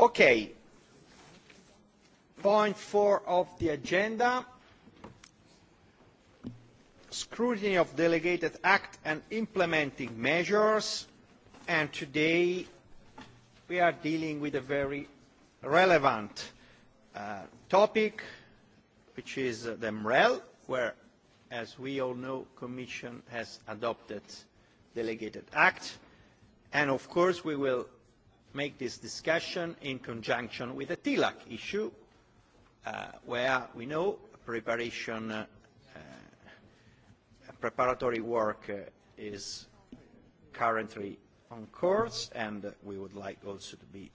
Okay. Point four of the agenda, scrutiny of delegated act and implementing measures. And today we are dealing with a very relevant uh, topic, which is uh, the MREL, where, as we all know, Commission has adopted delegated act. And of course, we will make this discussion in conjunction with the TILAC issue, uh, where we know preparation, uh, uh, preparatory work uh, is currently on course, and we would like also to be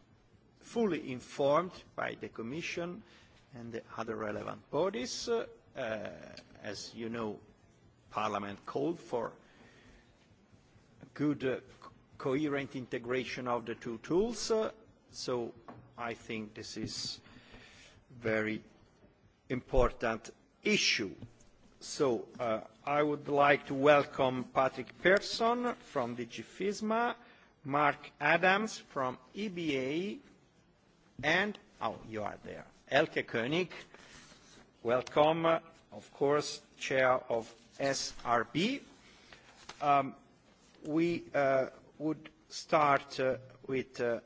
fully informed by the Commission and the other relevant bodies. Uh, uh as you know, Parliament called for good uh, coherent integration of the two tools. Uh, so I think this is very important issue. So uh, I would like to welcome Patrick Persson from DG FISMA, Mark Adams from EBA, and, oh, you are there, Elke Koenig. Welcome, uh, of course, chair of SRB. Um, we uh, would start uh, with uh,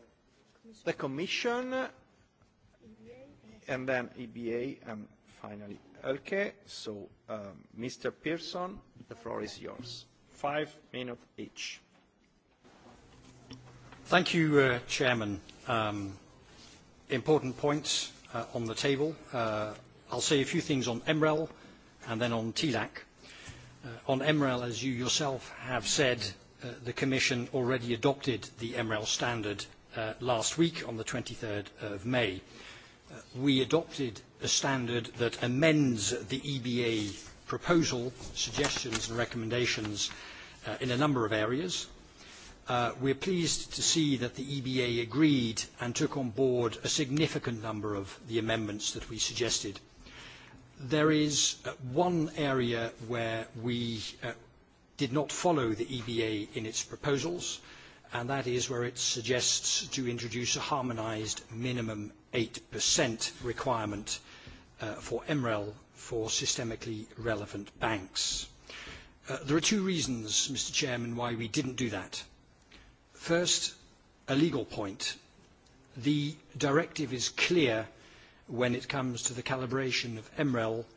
the Commission, and then EBA, and finally Elke. So, um, Mr. Pearson, the floor is yours. Five minutes each. Thank you, uh, Chairman. Um, important points uh, on the table. Uh, I'll say a few things on MREL and then on TLAC. Uh, on MREL, as you yourself have said, Uh, the Commission already adopted the MREL standard uh, last week on the 23rd of May. Uh, we adopted a standard that amends the EBA proposal, suggestions and recommendations uh, in a number of areas. Uh, we're pleased to see that the EBA agreed and took on board a significant number of the amendments that we suggested. There is uh, one area where we uh, did not follow the EBA in its proposals, and that is where it suggests to introduce a harmonised minimum 8% requirement uh, for MREL for systemically relevant banks. Uh, there are two reasons, Mr Chairman, why we didn't do that. First, a legal point. The directive is clear when it comes to the calibration of MREL –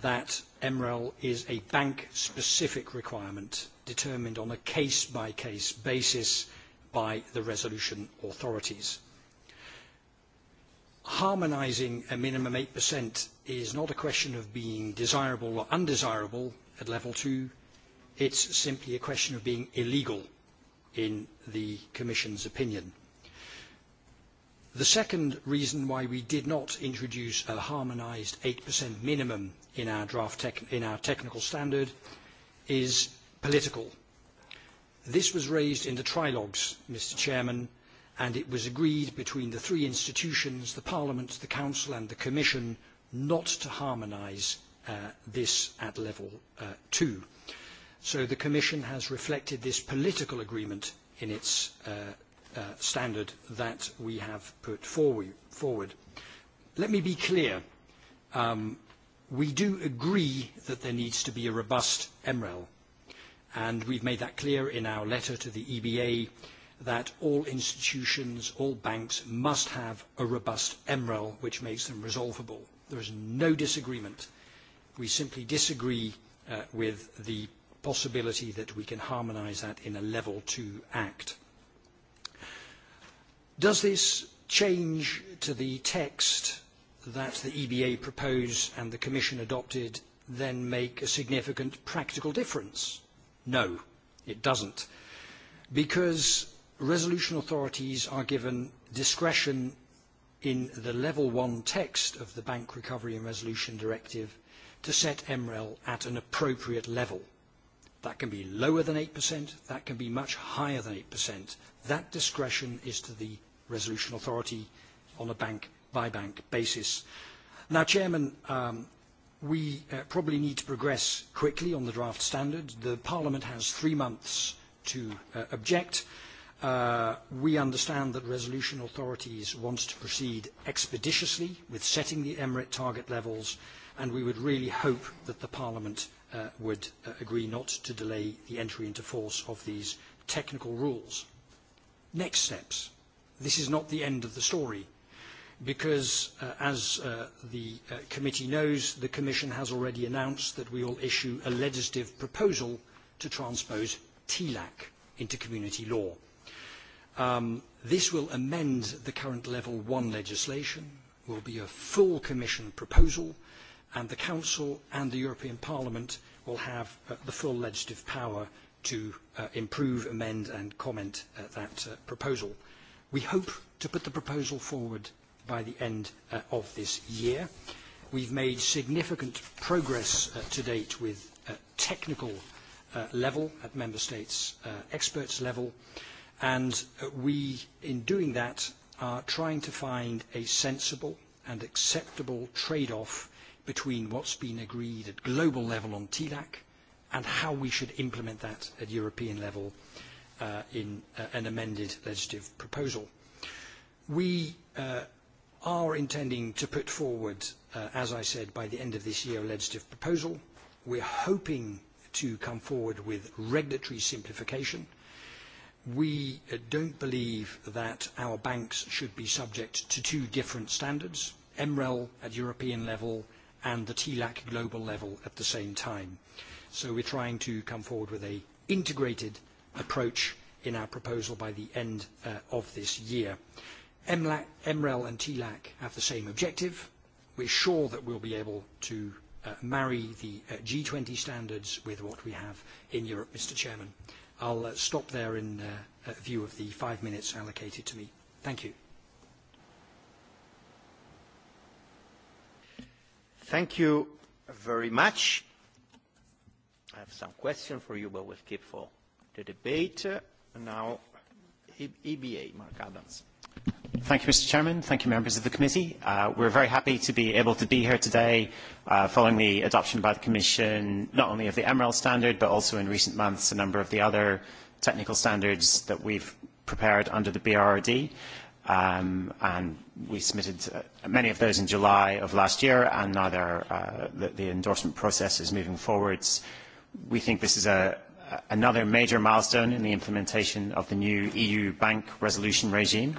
that MREL is a bank-specific requirement determined on a case-by-case -case basis by the resolution authorities. Harmonising a minimum 8% is not a question of being desirable or undesirable at level two. It's simply a question of being illegal, in the Commission's opinion. The second reason why we did not introduce a harmonised 8% minimum in our draft tech, in our technical standard is political. This was raised in the trilogues, Mr Chairman, and it was agreed between the three institutions, the Parliament, the Council and the Commission, not to harmonise uh, this at level uh, two. So the Commission has reflected this political agreement in its uh, uh, standard that we have put forward. Let me be clear. Um, We do agree that there needs to be a robust MREL, and we've made that clear in our letter to the EBA that all institutions, all banks must have a robust MREL which makes them resolvable. There is no disagreement. We simply disagree uh, with the possibility that we can harmonise that in a level two act. Does this change to the text that the EBA proposed and the Commission adopted then make a significant practical difference? No, it doesn't. Because resolution authorities are given discretion in the level one text of the Bank Recovery and Resolution Directive to set MREL at an appropriate level. That can be lower than 8%, that can be much higher than 8%. That discretion is to the resolution authority on a bank by-bank basis. Now, Chairman, um, we uh, probably need to progress quickly on the draft standard. The Parliament has three months to uh, object. Uh, we understand that resolution authorities want to proceed expeditiously with setting the emirate target levels, and we would really hope that the Parliament uh, would uh, agree not to delay the entry into force of these technical rules. Next steps. This is not the end of the story because, uh, as uh, the uh, committee knows, the Commission has already announced that we will issue a legislative proposal to transpose TLAC into community law. Um, this will amend the current Level 1 legislation, will be a full Commission proposal, and the Council and the European Parliament will have uh, the full legislative power to uh, improve, amend and comment uh, that uh, proposal. We hope to put the proposal forward by the end uh, of this year. We've made significant progress uh, to date with uh, technical uh, level at member states uh, experts level, and uh, we, in doing that, are trying to find a sensible and acceptable trade-off between what's been agreed at global level on TLAC and how we should implement that at European level uh, in uh, an amended legislative proposal. We uh, are intending to put forward, uh, as I said, by the end of this year, a legislative proposal. We're hoping to come forward with regulatory simplification. We uh, don't believe that our banks should be subject to two different standards, MREL at European level and the TLAC global level at the same time. So we're trying to come forward with an integrated approach in our proposal by the end uh, of this year. MREL and TLAC have the same objective. We're sure that we'll be able to uh, marry the uh, G20 standards with what we have in Europe, Mr. Chairman. I'll uh, stop there in view of the five minutes allocated to me. Thank you. Thank you very much. I have some question for you, but we'll keep for the debate. now, EBA, e Mark Adams. Thank you, Mr. Chairman. Thank you, members of the committee. Uh, we're very happy to be able to be here today uh, following the adoption by the Commission not only of the Emerald Standard, but also in recent months a number of the other technical standards that we've prepared under the BRRD. Um, and we submitted uh, many of those in July of last year, and now uh, the, the endorsement process is moving forwards. We think this is a, another major milestone in the implementation of the new EU bank resolution regime.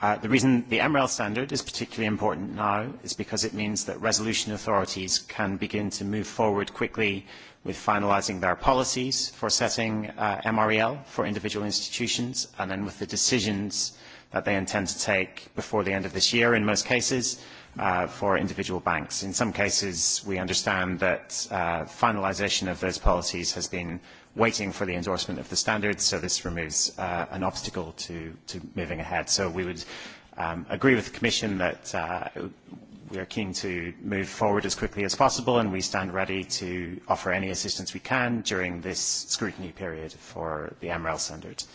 Uh, the reason the MREL standard is particularly important now is because it means that resolution authorities can begin to move forward quickly with finalising their policies for setting uh, MREL for individual institutions and then with the decisions that they intend to take before the end of this year in most cases uh, for individual banks. In some cases, we understand that uh, finalisation of those policies has been waiting for the endorsement of the standards, so this removes uh, an obstacle to, to moving ahead. So we would um, agree with the Commission that uh, we are keen to move forward as quickly as possible, and we stand ready to offer any assistance we can during this scrutiny period for the MREL standards.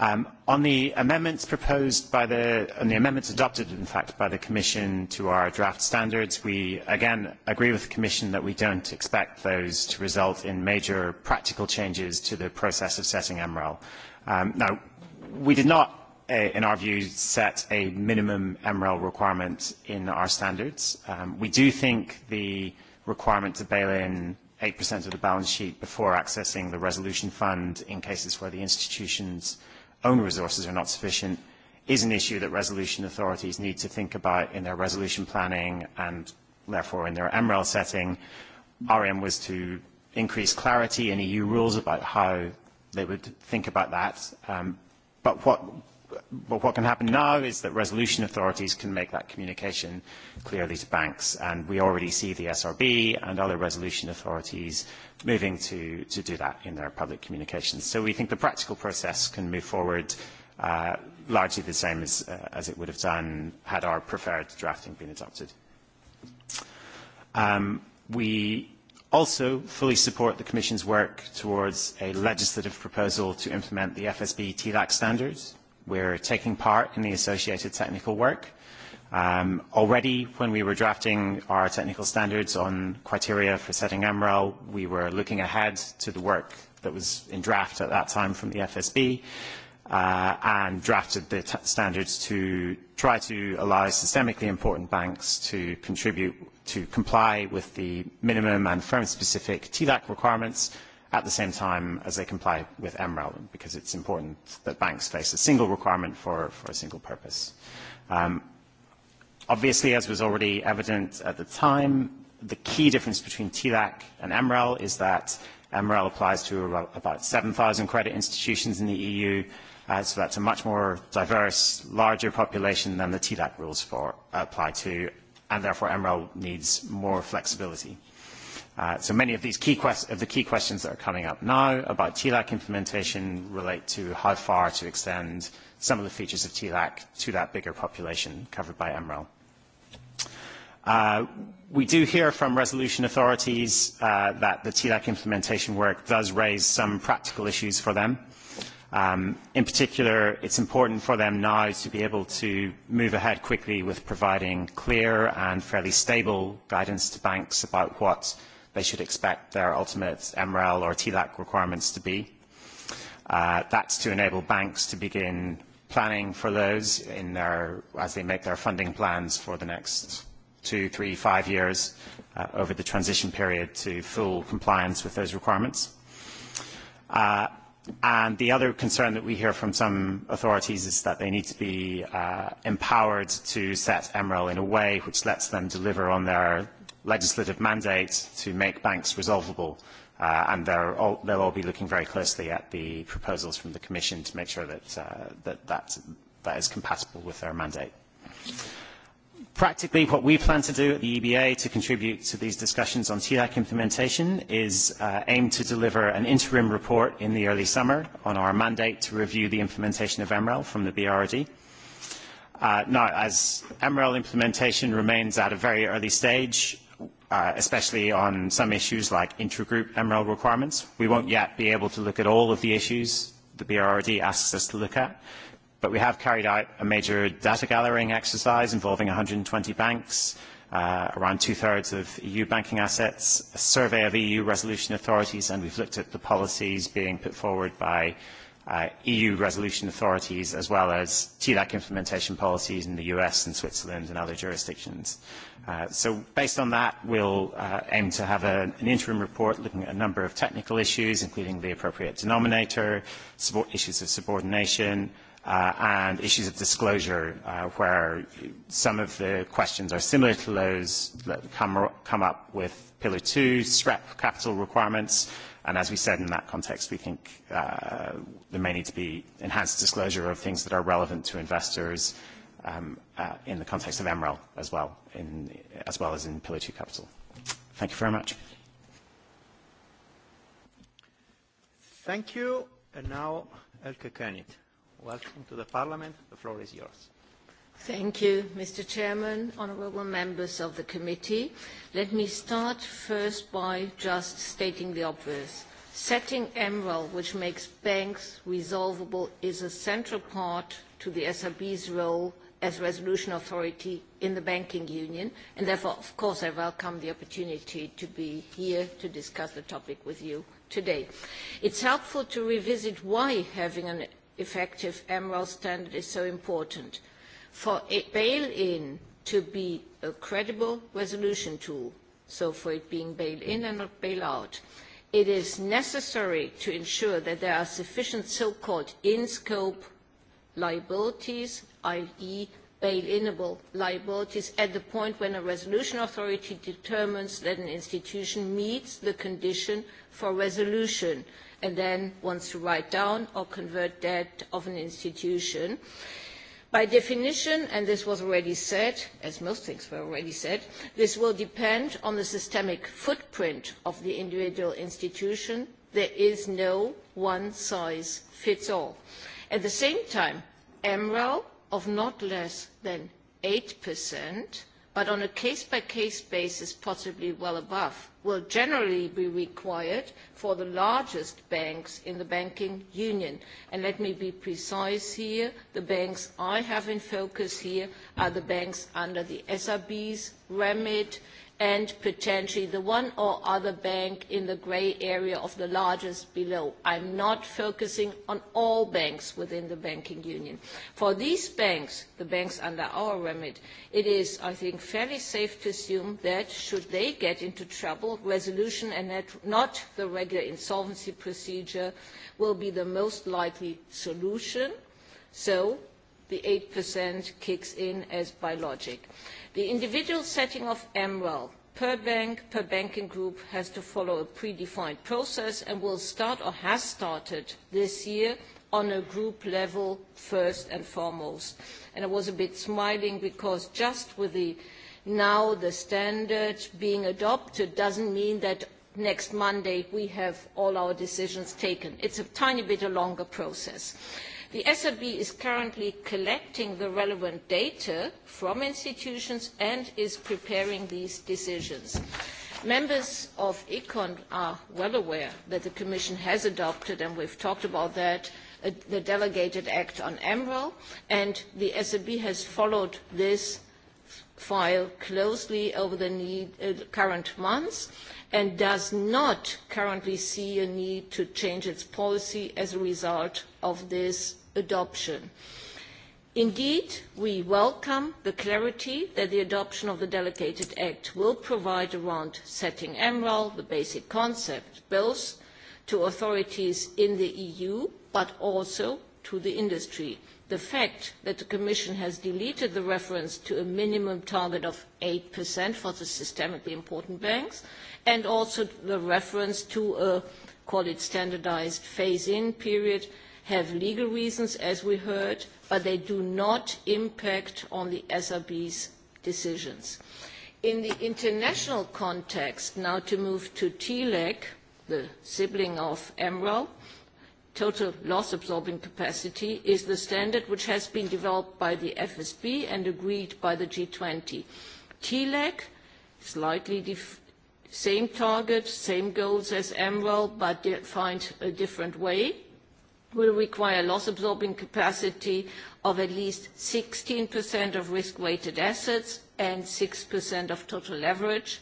Um, on the amendments proposed by the, on the amendments adopted, in fact, by the Commission to our draft standards, we again agree with the Commission that we don't expect those to result in major practical changes to the process of setting MREL. Um, now, we did not, uh, in our view, set a minimum MREL requirement in our standards. Um, we do think the requirement to bail in 8% of the balance sheet before accessing the resolution fund in cases where the institutions own resources are not sufficient is an issue that resolution authorities need to think about in their resolution planning and therefore in their MREL setting. Our aim was to increase clarity in EU rules about how they would think about that. Um, but what but what can happen now is that resolution authorities can make that communication clearly to banks, and we already see the SRB and other resolution authorities moving to, to do that in their public communications. So we think the practical process can move forward uh, largely the same as, uh, as it would have done had our preferred drafting been adopted. Um, we also fully support the Commission's work towards a legislative proposal to implement the FSB TLAC standards. We're taking part in the associated technical work. Um, already, when we were drafting our technical standards on criteria for setting MREL, we were looking ahead to the work that was in draft at that time from the FSB uh, and drafted the t- standards to try to allow systemically important banks to contribute to comply with the minimum and firm-specific TLAC requirements at the same time as they comply with MREL, because it's important that banks face a single requirement for, for a single purpose. Um, obviously, as was already evident at the time, the key difference between TLAC and MREL is that MREL applies to about 7,000 credit institutions in the EU, uh, so that's a much more diverse, larger population than the TLAC rules for, apply to, and therefore MREL needs more flexibility. Uh, so many of the key questions that are coming up now about TLAC implementation relate to how far to extend some of the features of TLAC to that bigger population covered by MREL. Uh, we do hear from resolution authorities uh, that the TLAC implementation work does raise some practical issues for them. Um, in particular, it's important for them now to be able to move ahead quickly with providing clear and fairly stable guidance to banks about what they should expect their ultimate MREL or TLAC requirements to be. Uh, that's to enable banks to begin planning for those in their, as they make their funding plans for the next two, three, five years uh, over the transition period to full compliance with those requirements. Uh, and the other concern that we hear from some authorities is that they need to be uh, empowered to set MREL in a way which lets them deliver on their legislative mandate to make banks resolvable. Uh, and all, they'll all be looking very closely at the proposals from the Commission to make sure that, uh, that, that, that is compatible with their mandate. Practically, what we plan to do at the EBA to contribute to these discussions on TLAC e implementation is uh, aim to deliver an interim report in the early summer on our mandate to review the implementation of MREL from the BRRD. Uh, now, as MREL implementation remains at a very early stage, Uh, especially on some issues like intergroup MREL requirements. We won't yet be able to look at all of the issues the BRRD asks us to look at, but we have carried out a major data gathering exercise involving 120 banks, uh, around two-thirds of EU banking assets, a survey of EU resolution authorities, and we've looked at the policies being put forward by uh, Uh, EU resolution authorities as well as TLAC implementation policies in the US and Switzerland and other jurisdictions. Uh, so based on that, we'll uh, aim to have a, an interim report looking at a number of technical issues, including the appropriate denominator, support issues of subordination, uh, and issues of disclosure, uh, where some of the questions are similar to those that come, come up with Pillar 2, SREP capital requirements, And as we said in that context, we think uh, there may need to be enhanced disclosure of things that are relevant to investors um, uh, in the context of MREL as well, in, as well as in Pillar 2 capital. Thank you very much. Thank you. And now, Elke Koenig, welcome to the Parliament. The floor is yours. Thank you, Mr. Chairman, honourable members of the committee. Let me start first by just stating the obvious. Setting MREL, which makes banks resolvable, is a central part to the SRB's role as resolution authority in the banking union, and therefore, of course, I welcome the opportunity to be here to discuss the topic with you today. It's helpful to revisit why having an effective MREL standard is so important for bail-in to be a credible resolution tool, so for it being bail-in and not bail-out, it is necessary to ensure that there are sufficient so-called in-scope liabilities, i.e. bail-inable liabilities, at the point when a resolution authority determines that an institution meets the condition for resolution and then wants to write down or convert debt of an institution. Uh, by definition, and this was already said, as most things were already said, this will depend on the systemic footprint of the individual institution. There is no one size fits all. At the same time, MREL of not less than 8% but on a case-by-case basis, possibly well above, will generally be required for the largest banks in the banking union. And let me be precise here, the banks I have in focus here are the banks under the SRB's remit and potentially the one or other bank in the grey area of the largest below. I'm not focusing on all banks within the banking union. For these banks, the banks under our remit, it is, I think, fairly safe to assume that should they get into trouble, resolution and not the regular insolvency procedure will be the most likely solution. So the 8% kicks in as by logic. The individual setting of MREL per bank, per banking group has to follow a predefined process and will start or has started this year on a group level first and foremost. And I was a bit smiling because just with the now the standard being adopted doesn't mean that next Monday we have all our decisions taken. It's a tiny bit a longer process. The SRB is currently collecting the relevant data from institutions and is preparing these decisions. Members of ECON are well aware that the Commission has adopted, and we've talked about that, the Delegated Act on MREL, and the SRB has followed this file closely over the need, uh, current months and does not currently see a need to change its policy as a result of this adoption. Indeed, we welcome the clarity that the adoption of the Delegated Act will provide around setting MREL, the basic concept, both to authorities in the EU but also to the industry. The fact that the Commission has deleted the reference to a minimum target of 8% for the systemically important banks and also the reference to a, call it standardized phase-in period have legal reasons, as we heard, but they do not impact on the SRB's decisions. In the international context, now to move to TLEC, the sibling of MREL, total loss-absorbing capacity, is the standard which has been developed by the FSB and agreed by the G20. TLEC, slightly same target, same goals as MREL, but defined a different way will require loss-absorbing capacity of at least 16% of risk-weighted assets and 6% of total leverage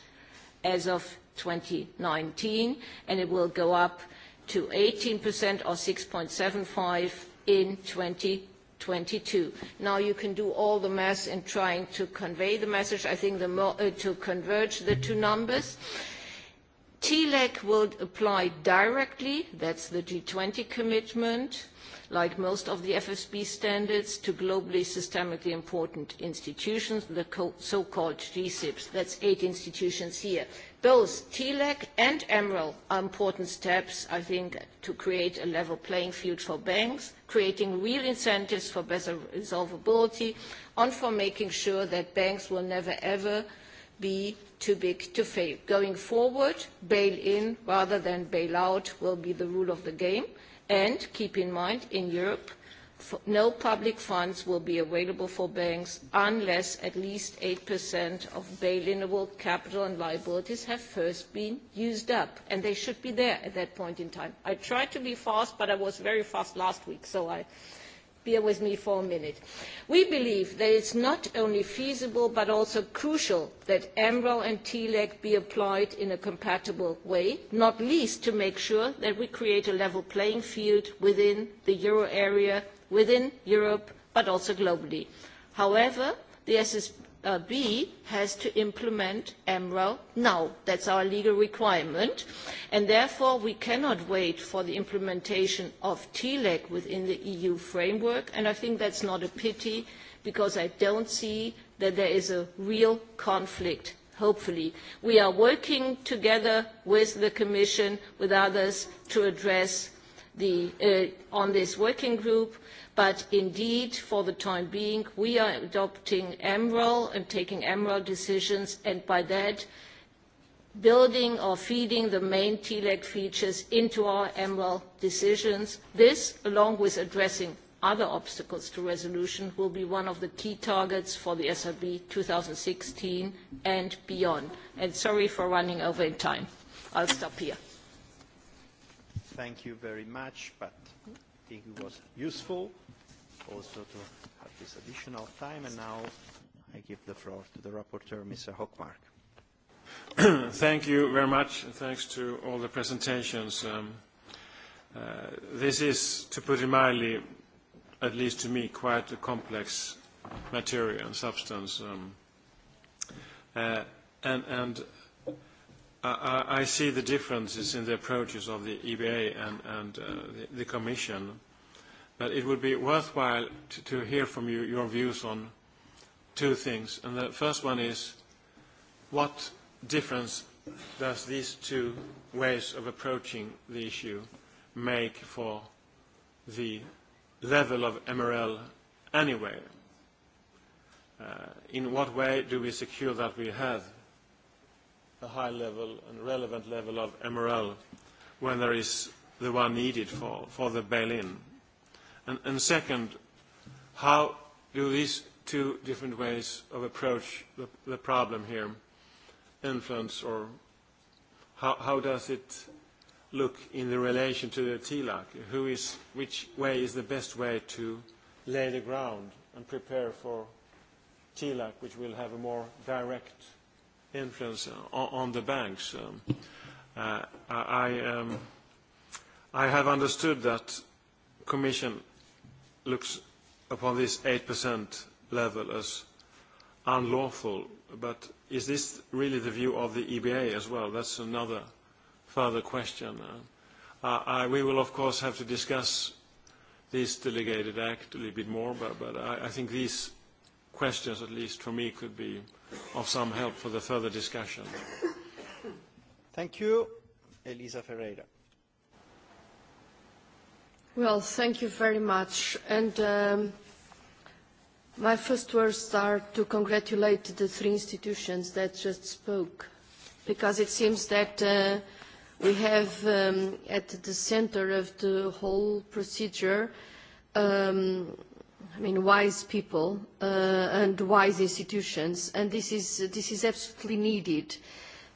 as of 2019, and it will go up to 18% or 6.75 in 2022. Now, you can do all the math in trying to convey the message. I think the mo uh, to converge the two numbers. TLAC e will apply directly, that's the G20 commitment, like most of the FSB standards, to globally systemically important institutions, the so-called GSIBs. That's eight institutions here. Both TLAC e and EMREL are important steps, I think, to create a level playing field for banks, creating real incentives for better resolvability, and for making sure that banks will never ever be too big to fail. Going forward, bail-in rather than bail-out will be the rule of the game. And keep in mind, in Europe, no public funds will be available for banks unless at least 8% of bail-inable capital and liabilities have first been used up, and they should be there at that point in time. I tried to be fast, but I was very fast last week, so I bear with me for a minute. We believe that it's not only feasible but also crucial that MREL and TLAC be applied in a compatible way, not least to make sure that we create a level playing field within the euro area, within Europe, but also globally. However, the uh, B has to implement MREL now. That's our legal requirement. And therefore, we cannot wait for the implementation of TLEC within the EU framework. And I think that's not a pity because I don't see that there is a real conflict hopefully. We are working together with the Commission, with others, to address the, uh, on this working group But indeed, for the time being, we are adopting MREL and taking MREL decisions, and by that, building or feeding the main TLAC e features into our MREL decisions. This, along with addressing other obstacles to resolution, will be one of the key targets for the SRB 2016 and beyond. And sorry for running over in time. I'll stop here. Thank you very much, but think it was useful also to have this additional time. And now I give the floor to the rapporteur, Mr. Hochmark. Thank you very much. Thanks to all the presentations. Um, uh, this is, to put it mildly, at least to me, quite a complex material and substance. Um, uh, and, and i see the differences in the approaches of the EBA and, and uh, the, the Commission, but it would be worthwhile to, to hear from you your views on two things. And the first one is, what difference does these two ways of approaching the issue make for the level of MRL anyway? Uh, in what way do we secure that we have a high level and relevant level of MRL when there is the one needed for, for the bail-in? And, and second, how do these two different ways of approach the, the problem here influence or how, how does it look in the relation to the TLAC? Who is, which way is the best way to lay the ground and prepare for TLAC, which will have a more direct influence on, on the banks. Um, uh, I, um, I have understood that Commission looks upon this 8% level as unlawful, but is this really the view of the EBA as well? That's another further question. Uh, I, we will, of course, have to discuss this delegated act a little bit more, but, but I, I think these questions, at least for me, could be of some help for the further discussion. Thank you. Elisa Ferreira. Well, thank you very much. And um, my first words are to congratulate the three institutions that just spoke, because it seems that uh, we have um, at the center of the whole procedure um, i mean, wise people uh, and wise institutions, and this is, this is absolutely needed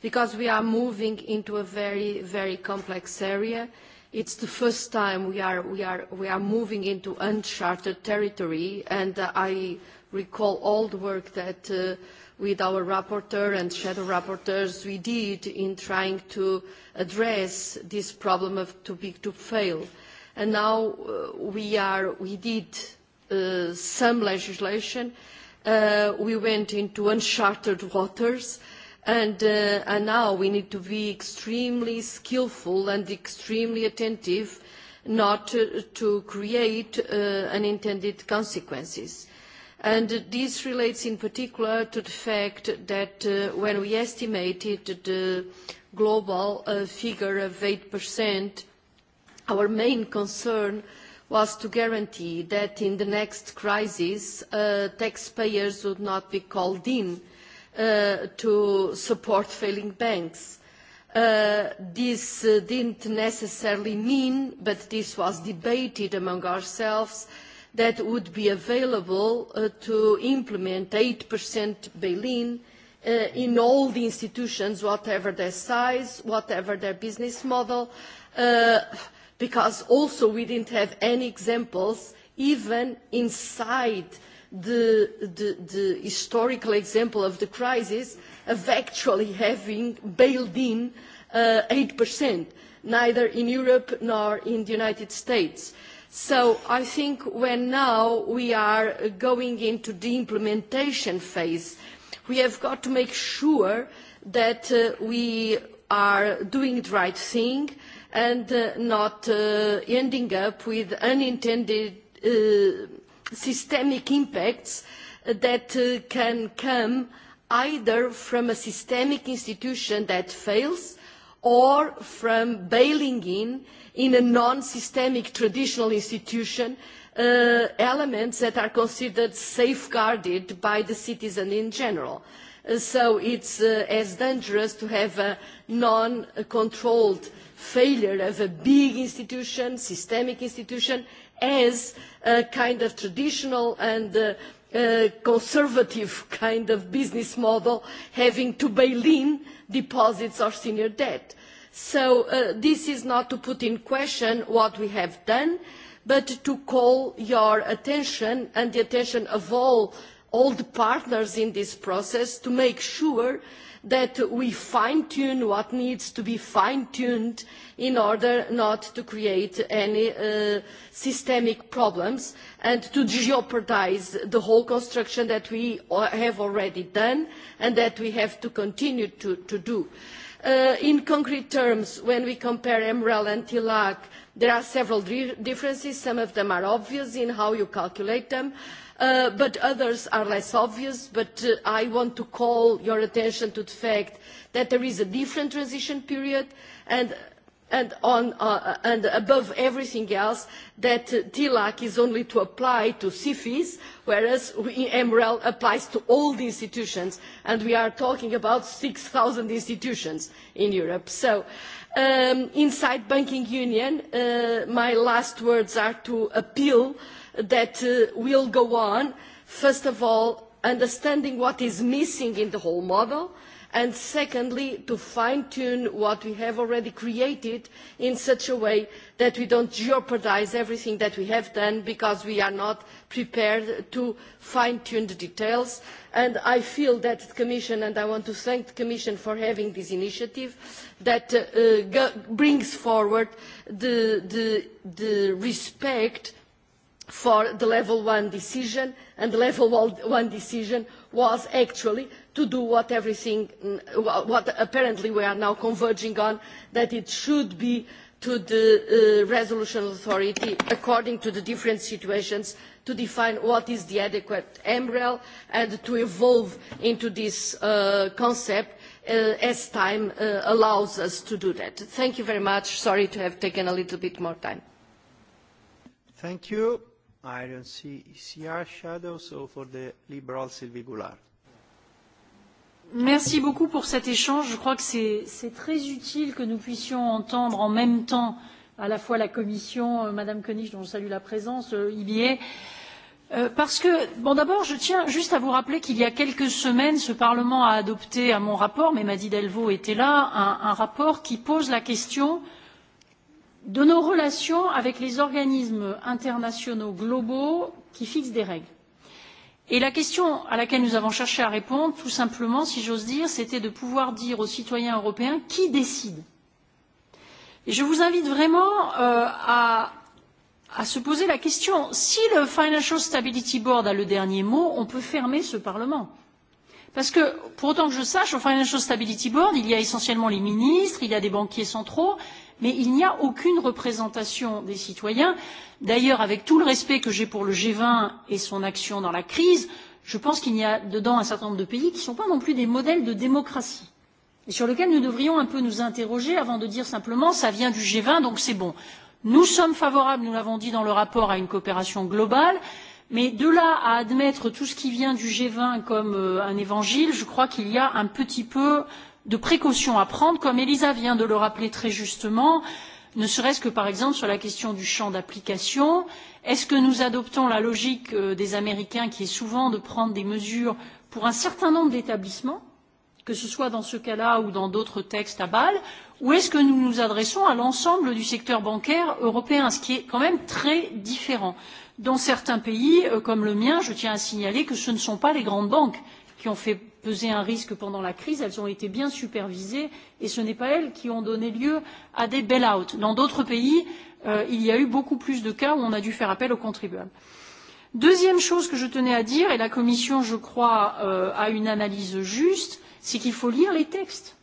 because we are moving into a very, very complex area. It's the first time we are, we are, we are moving into uncharted territory, and uh, I recall all the work that uh, with our rapporteur and shadow rapporteurs we did in trying to address this problem of too big to fail. And now uh, we, are, we did Uh, some legislation, uh, we went into uncharted waters, and, uh, and now we need to be extremely skillful and extremely attentive not to create uh, unintended consequences. And this relates in particular to the fact that uh, when we estimated the global uh, figure of 8%, our main concern uh, was to guarantee that in the next crisis uh, taxpayers would not be called in uh, to support failing banks. Uh, this uh, didn't necessarily mean, but this was debated among ourselves, that would be available uh, to implement 8% bail-in uh, in all the institutions, whatever their size, whatever their business model. Uh, because also we didn't have any examples even inside the, the, the historical example of the crisis of actually having bailed in uh, 8%, neither in Europe nor in the United States. So I think when now we are going into the implementation phase, we have got to make sure that uh, we are doing the right thing, uh, and uh, not uh, ending up with unintended uh, systemic impacts that uh, can come either from a systemic institution that fails or from bailing in in a non-systemic traditional institution uh, elements that are considered safeguarded by the citizen in general. Uh, so it's uh, as dangerous to have a non-controlled failure of a big institution, systemic institution, as a kind of traditional and uh, uh, conservative kind of business model having to bail in deposits or senior debt. So uh, this is not to put in question what we have done, but to call your attention and the attention of all, all the partners in this process to make sure that we fine-tune what needs to be fine-tuned in order not to create any uh, systemic problems and to jeopardize the whole construction that we uh, have already done and that we have to continue to, to do. Uh, in concrete terms, when we compare MREL and TLAC, there are several differences. Some of them are obvious in how you calculate them. Uh, but others are less obvious. But uh, I want to call your attention to the fact that there is a different transition period, and and, on, uh, uh and above everything else, that uh, TLAC is only to apply to CFIs, whereas MREL applies to all the institutions, and we are talking about 6,000 institutions in Europe. So, um, inside banking union, uh, my last words are to appeal uh, that uh, will go on, first of all, understanding what is missing in the whole model, and secondly, to fine-tune what we have already created in such a way that we don't jeopardize everything that we have done because we are not prepared to fine-tune the details. And I feel that the Commission, and I want to thank the Commission for having this initiative, that uh, uh brings forward the, the, the respect for the level one decision, and the level one decision was actually to do what everything, mm, what apparently we are now converging on, that it should be to the uh, resolution authority according to the different situations to define what is the adequate MREL and to evolve into this uh, concept uh, as time uh, allows us to do that. Thank you very much. Sorry to have taken a little bit more time. Thank you. I don't ECR shadow, so for the liberal Sylvie Goulard. Merci beaucoup pour cet échange. Je crois que c'est très utile que nous puissions entendre en même temps à la fois la Commission, euh, Madame Koenig, dont je salue la présence, euh, IBA, euh, parce que, bon, d'abord, je tiens juste à vous rappeler qu'il y a quelques semaines, ce Parlement a adopté à mon rapport, mais Madi Delvaux était là, un, un rapport qui pose la question euh, de nos relations avec les organismes internationaux globaux qui fixent des règles. Et la question à laquelle nous avons cherché à répondre, tout simplement, si j'ose dire, c'était de pouvoir dire aux citoyens européens qui décide. Et je vous invite vraiment euh, à, à se poser la question si le Financial Stability Board a le dernier mot, on peut fermer ce Parlement. Parce que, pour autant que je sache, au Financial Stability Board, il y a essentiellement les ministres, il y a des banquiers centraux, mais il n'y a aucune représentation des citoyens. D'ailleurs, avec tout le respect que j'ai pour le G20 et son action dans la crise, je pense qu'il y a dedans un certain nombre de pays qui ne sont pas non plus des modèles de démocratie et sur lesquels nous devrions un peu nous interroger avant de dire simplement ça vient du G20 donc c'est bon. Nous sommes favorables, nous l'avons dit dans le rapport, à une coopération globale, mais de là à admettre tout ce qui vient du G20 comme euh, un évangile, je crois qu'il y a un petit peu de précautions à prendre, comme Elisa vient de le rappeler très justement, ne serait-ce que par exemple sur la question du champ d'application. Est-ce que nous adoptons la logique euh, des Américains qui est souvent de prendre des mesures pour un certain nombre d'établissements, que ce soit dans ce cas-là ou dans d'autres textes à Bâle, ou est-ce que nous nous adressons à l'ensemble du secteur bancaire européen, ce qui est quand même très différent Dans certains pays, euh, comme le mien, je tiens à signaler que ce ne sont pas les grandes banques qui ont fait pesé un risque pendant la crise, elles ont été bien supervisées et ce n'est pas elles qui ont donné lieu à des bail-out. Dans d'autres pays, euh, il y a eu beaucoup plus de cas où on a dû faire appel aux contribuables. Deuxième chose que je tenais à dire, et la Commission, je crois, euh, a une analyse juste, c'est qu'il faut lire les textes.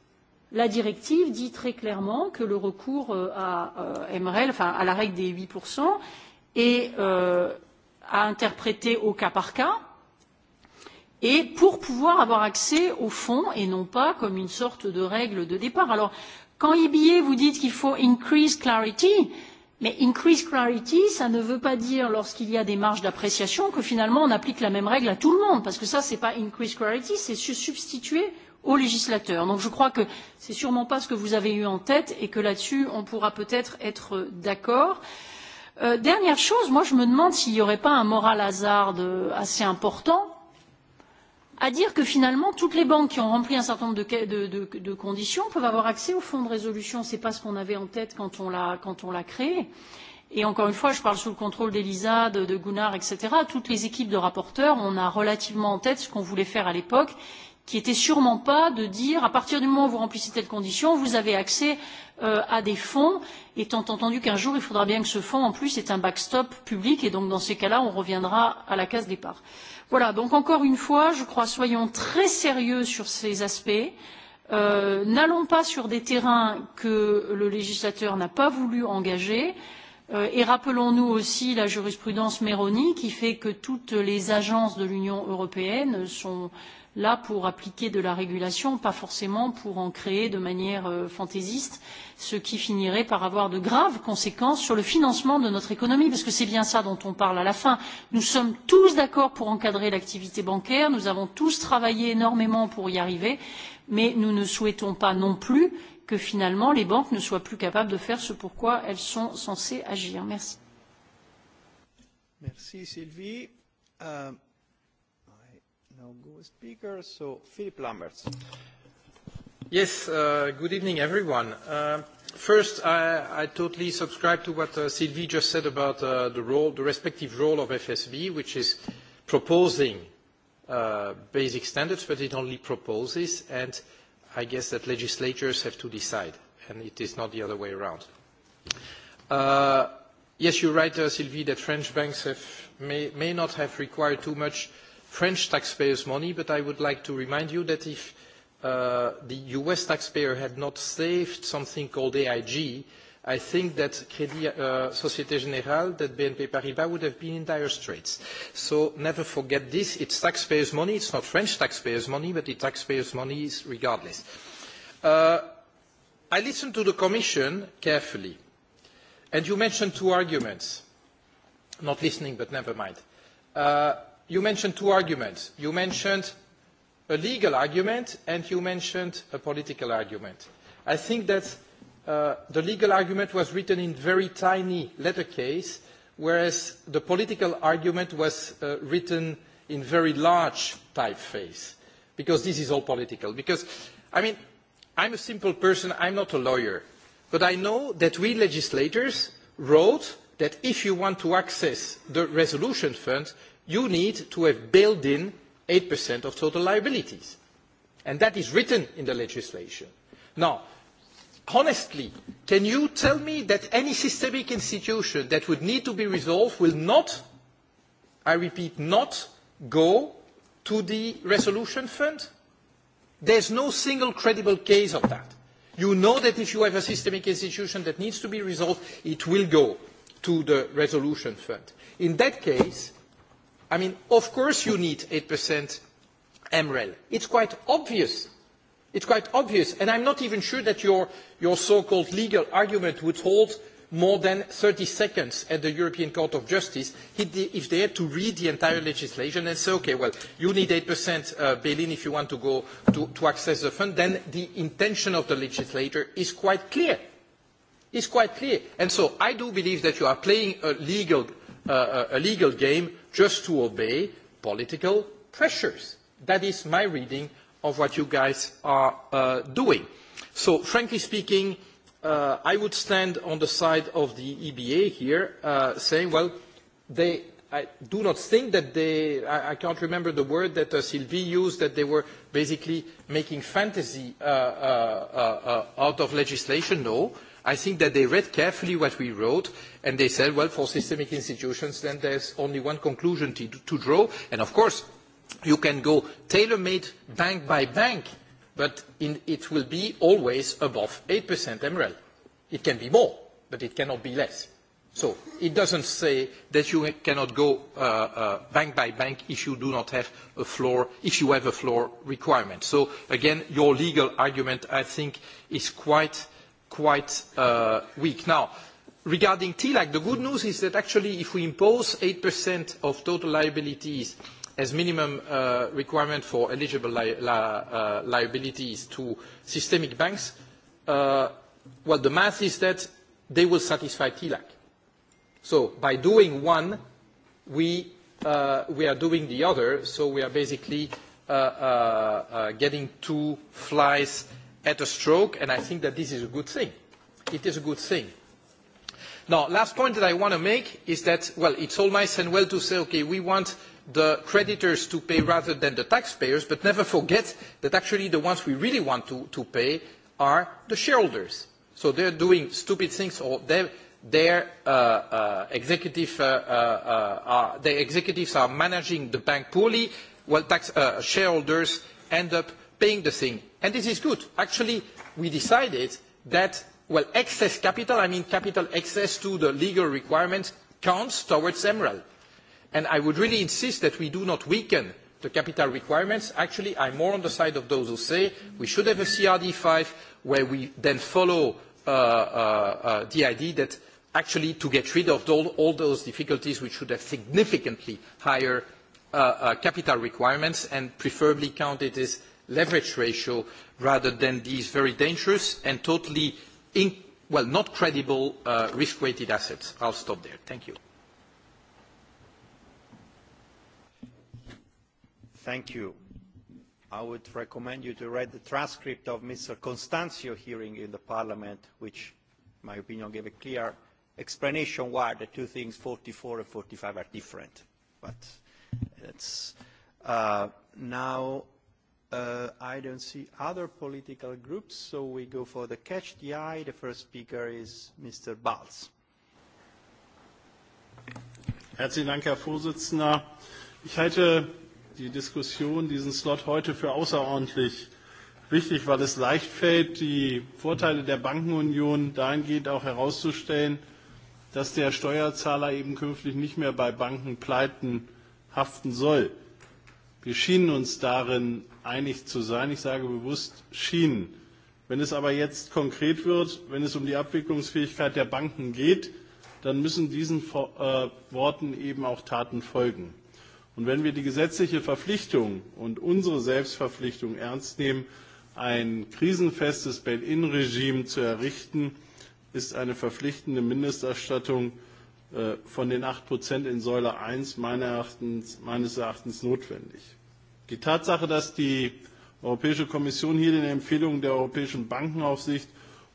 La directive dit très clairement que le recours euh, à euh, MREL, enfin à la règle des 8%, est euh, à interpréter au cas par cas et pour pouvoir avoir accès aux fonds et non pas comme une sorte de règle de départ. Alors, quand IBA e vous dit qu'il faut increase clarity, mais increase clarity, ça ne veut pas dire lorsqu'il y a des marges d'appréciation que finalement on applique la même règle à tout le monde, parce que ça ce n'est pas increase clarity, c'est se substituer au législateur. Donc je crois que ce n'est sûrement pas ce que vous avez eu en tête et que là-dessus on pourra peut-être être, être d'accord. Euh, dernière chose, moi je me demande s'il n'y aurait pas un moral hasard euh, assez important à dire que finalement toutes les banques qui ont rempli un certain nombre de, de, de, de conditions peuvent avoir accès au fonds de résolution. Ce n'est pas ce qu'on avait en tête quand on l'a créé. Et encore une fois, je parle sous le contrôle d'Elisa, de, de Gunnar, etc. Toutes les équipes de rapporteurs, on a relativement en tête ce qu'on voulait faire à l'époque, qui n'était sûrement pas de dire à partir du moment où vous remplissez telle condition, vous avez accès euh, à des fonds, étant entendu qu'un jour, il faudra bien que ce fonds, en plus, est un backstop public, et donc dans ces cas-là, on reviendra à la case départ. Voilà, donc encore une fois, je crois, soyons très sérieux sur ces aspects. Euh, N'allons pas sur des terrains que le législateur n'a pas voulu engager. Euh, et rappelons-nous aussi la jurisprudence Méroni qui fait que toutes les agences de l'Union européenne sont euh, là pour appliquer de la régulation, pas forcément pour en créer de manière euh, fantaisiste, ce qui finirait par avoir de graves conséquences sur le financement de notre économie, parce que c'est bien ça dont on parle à la fin. Nous sommes tous d'accord pour encadrer l'activité bancaire, nous avons tous travaillé énormément pour y arriver, mais nous ne souhaitons pas non plus que finalement les banques ne soient plus capables de faire ce pour quoi elles sont censées agir. Merci. Merci Sylvie. Euh, speaker, so Philip Lamberts. Yes, uh, good evening, everyone. Uh, first, I, I totally subscribe to what uh, Sylvie just said about uh, the role, the respective role of FSB, which is proposing uh, basic standards, but it only proposes, and I guess that legislatures have to decide, and it is not the other way around. Uh, yes, you're right, uh, Sylvie, that French banks have, may, may not have required too much uh, French taxpayers' money, but I would like to remind you that if uh, the US taxpayer had not saved something called AIG, I think that Crédit uh, Société Générale, that BNP Paribas would have been in dire straits. So never forget this. It's taxpayers' money. It's not French taxpayers' money, but it's taxpayers' money regardless. Uh, I listened to the Commission carefully, and you mentioned two arguments. Not listening, but never mind. Uh, you mentioned two arguments. You mentioned a legal argument and you mentioned a political argument. I think that uh, the legal argument was written in very tiny letter case, whereas the political argument was uh, written in very large typeface, because this is all political. Because, I mean, I'm a simple person, I'm not a lawyer, but I know that we legislators wrote that if you want to access the resolution fund, you need to have built in 8% of total liabilities. And that is written in the legislation. Now, honestly, can you tell me that any systemic institution that would need to be resolved will not, I repeat, not go to the resolution fund? There's no single credible case of that. You know that if you have a systemic institution that needs to be resolved, it will go to the resolution fund. In that case, i mean, of course you need 8% MREL. It's quite obvious. It's quite obvious. And I'm not even sure that your, your so-called legal argument would hold more than 30 seconds at the European Court of Justice if they had to read the entire legislation and say, okay, well, you need 8% uh, bail-in if you want to go to, to access the fund, then the intention of the legislator is quite clear. Is quite clear. And so I do believe that you are playing a legal Uh, uh, a legal game just to obey political pressures. That is my reading of what you guys are uh, doing. So, frankly speaking, uh, I would stand on the side of the EBA here, uh, saying, well, they, I do not think that they, I, I can't remember the word that uh, Sylvie used, that they were basically making fantasy uh, uh, uh, uh, out of legislation. No, i think that they read carefully what we wrote, and they said, well, for systemic institutions, then there's only one conclusion to, to draw. And of course, you can go tailor-made bank by bank, but in, it will be always above 8% MREL. It can be more, but it cannot be less. So it doesn't say that you cannot go uh, uh, bank by bank if you do not have a floor, if you have a floor requirement. So again, your legal argument, I think, is quite quite uh, weak. Now, regarding TLAC, the good news is that actually if we impose 8% of total liabilities as minimum uh, requirement for eligible li li uh, liabilities to systemic banks, uh, well, the math is that they will satisfy TLAC. So by doing one, we, uh, we are doing the other, so we are basically uh, uh, uh, getting two flies had a stroke, and I think that this is a good thing. It is a good thing. Now, last point that I want to make is that, well, it's all nice and well to say, okay, we want the creditors to pay rather than the taxpayers, but never forget that actually the ones we really want to, to pay are the shareholders. So they're doing stupid things, or their, their, uh, uh, executive, uh, uh, uh are, their executives are managing the bank poorly, well, tax, uh, shareholders end up paying the thing. And this is good. Actually, we decided that, well, excess capital, I mean capital excess to the legal requirements, counts towards MREL. And I would really insist that we do not weaken the capital requirements. Actually, I'm more on the side of those who say we should have a CRD5 where we then follow uh, uh, uh, the idea that actually to get rid of all, all those difficulties we should have significantly higher uh, uh, capital requirements and preferably counted as leverage ratio rather than these very dangerous and totally, well, not credible uh, risk-weighted assets. I'll stop there. Thank you. Thank you. I would recommend you to read the transcript of Mr. Constancio hearing in the Parliament, which, in my opinion, gave a clear explanation why the two things, 44 and 45, are different. But it's, uh, uh, now Uh, I don't see other political groups, so we go for the catch the eye. The first speaker is Mr. Balz. Herzlichen Dank, Herr Vorsitzender. Ich halte die Diskussion, diesen Slot heute für außerordentlich wichtig, weil es leicht fällt, die Vorteile der Bankenunion dahingehend auch herauszustellen, dass der Steuerzahler eben künftig nicht mehr bei Banken pleiten haften soll. Wir schienen uns darin einig zu sein. Ich sage bewusst schienen. Wenn es aber jetzt konkret wird, wenn es um die Abwicklungsfähigkeit der Banken geht, dann müssen diesen äh, Worten eben auch Taten folgen. Und wenn wir die gesetzliche Verpflichtung und unsere Selbstverpflichtung ernst nehmen, ein krisenfestes Bail-in-Regime zu errichten, ist eine verpflichtende Mindestausstattung Äh, von den 8 Prozent in Säule 1 Erachtens, meines Erachtens notwendig. Die Tatsache, dass die Europäische Kommission hier den Empfehlungen der Europäischen Bankenaufsicht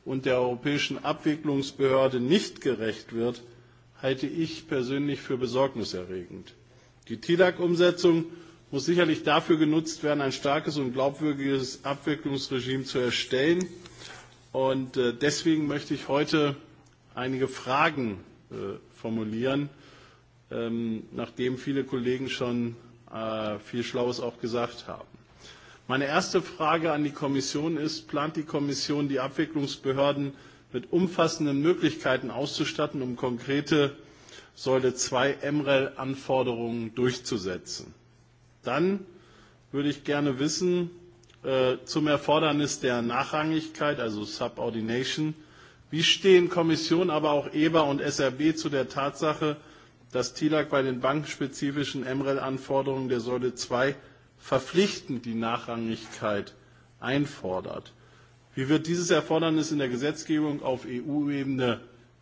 und der Europäischen Abwicklungsbehörde nicht gerecht wird, halte ich persönlich für besorgniserregend. Die TILAC-Umsetzung muss sicherlich dafür genutzt werden, ein starkes und glaubwürdiges Abwicklungsregime zu erstellen. Und äh, deswegen möchte ich heute einige Fragen äh, formulieren. Ähm, nachdem viele Kollegen schon äh, viel Schlaues auch gesagt haben. Meine erste Frage an die Kommission ist, plant die Kommission, die Abwicklungsbehörden mit umfassenden Möglichkeiten auszustatten, um konkrete Säule 2 MREL-Anforderungen durchzusetzen? Dann würde ich gerne wissen, äh, zum Erfordernis der Nachrangigkeit, also Subordination, Wie stehen Kommission, aber auch EBA und SRB zu der Tatsache, dass TILAC bei den bankenspezifischen MREL-Anforderungen der Säule 2 verpflichtend die Nachrangigkeit einfordert? Wie wird dieses Erfordernis in der Gesetzgebung auf EU-Ebene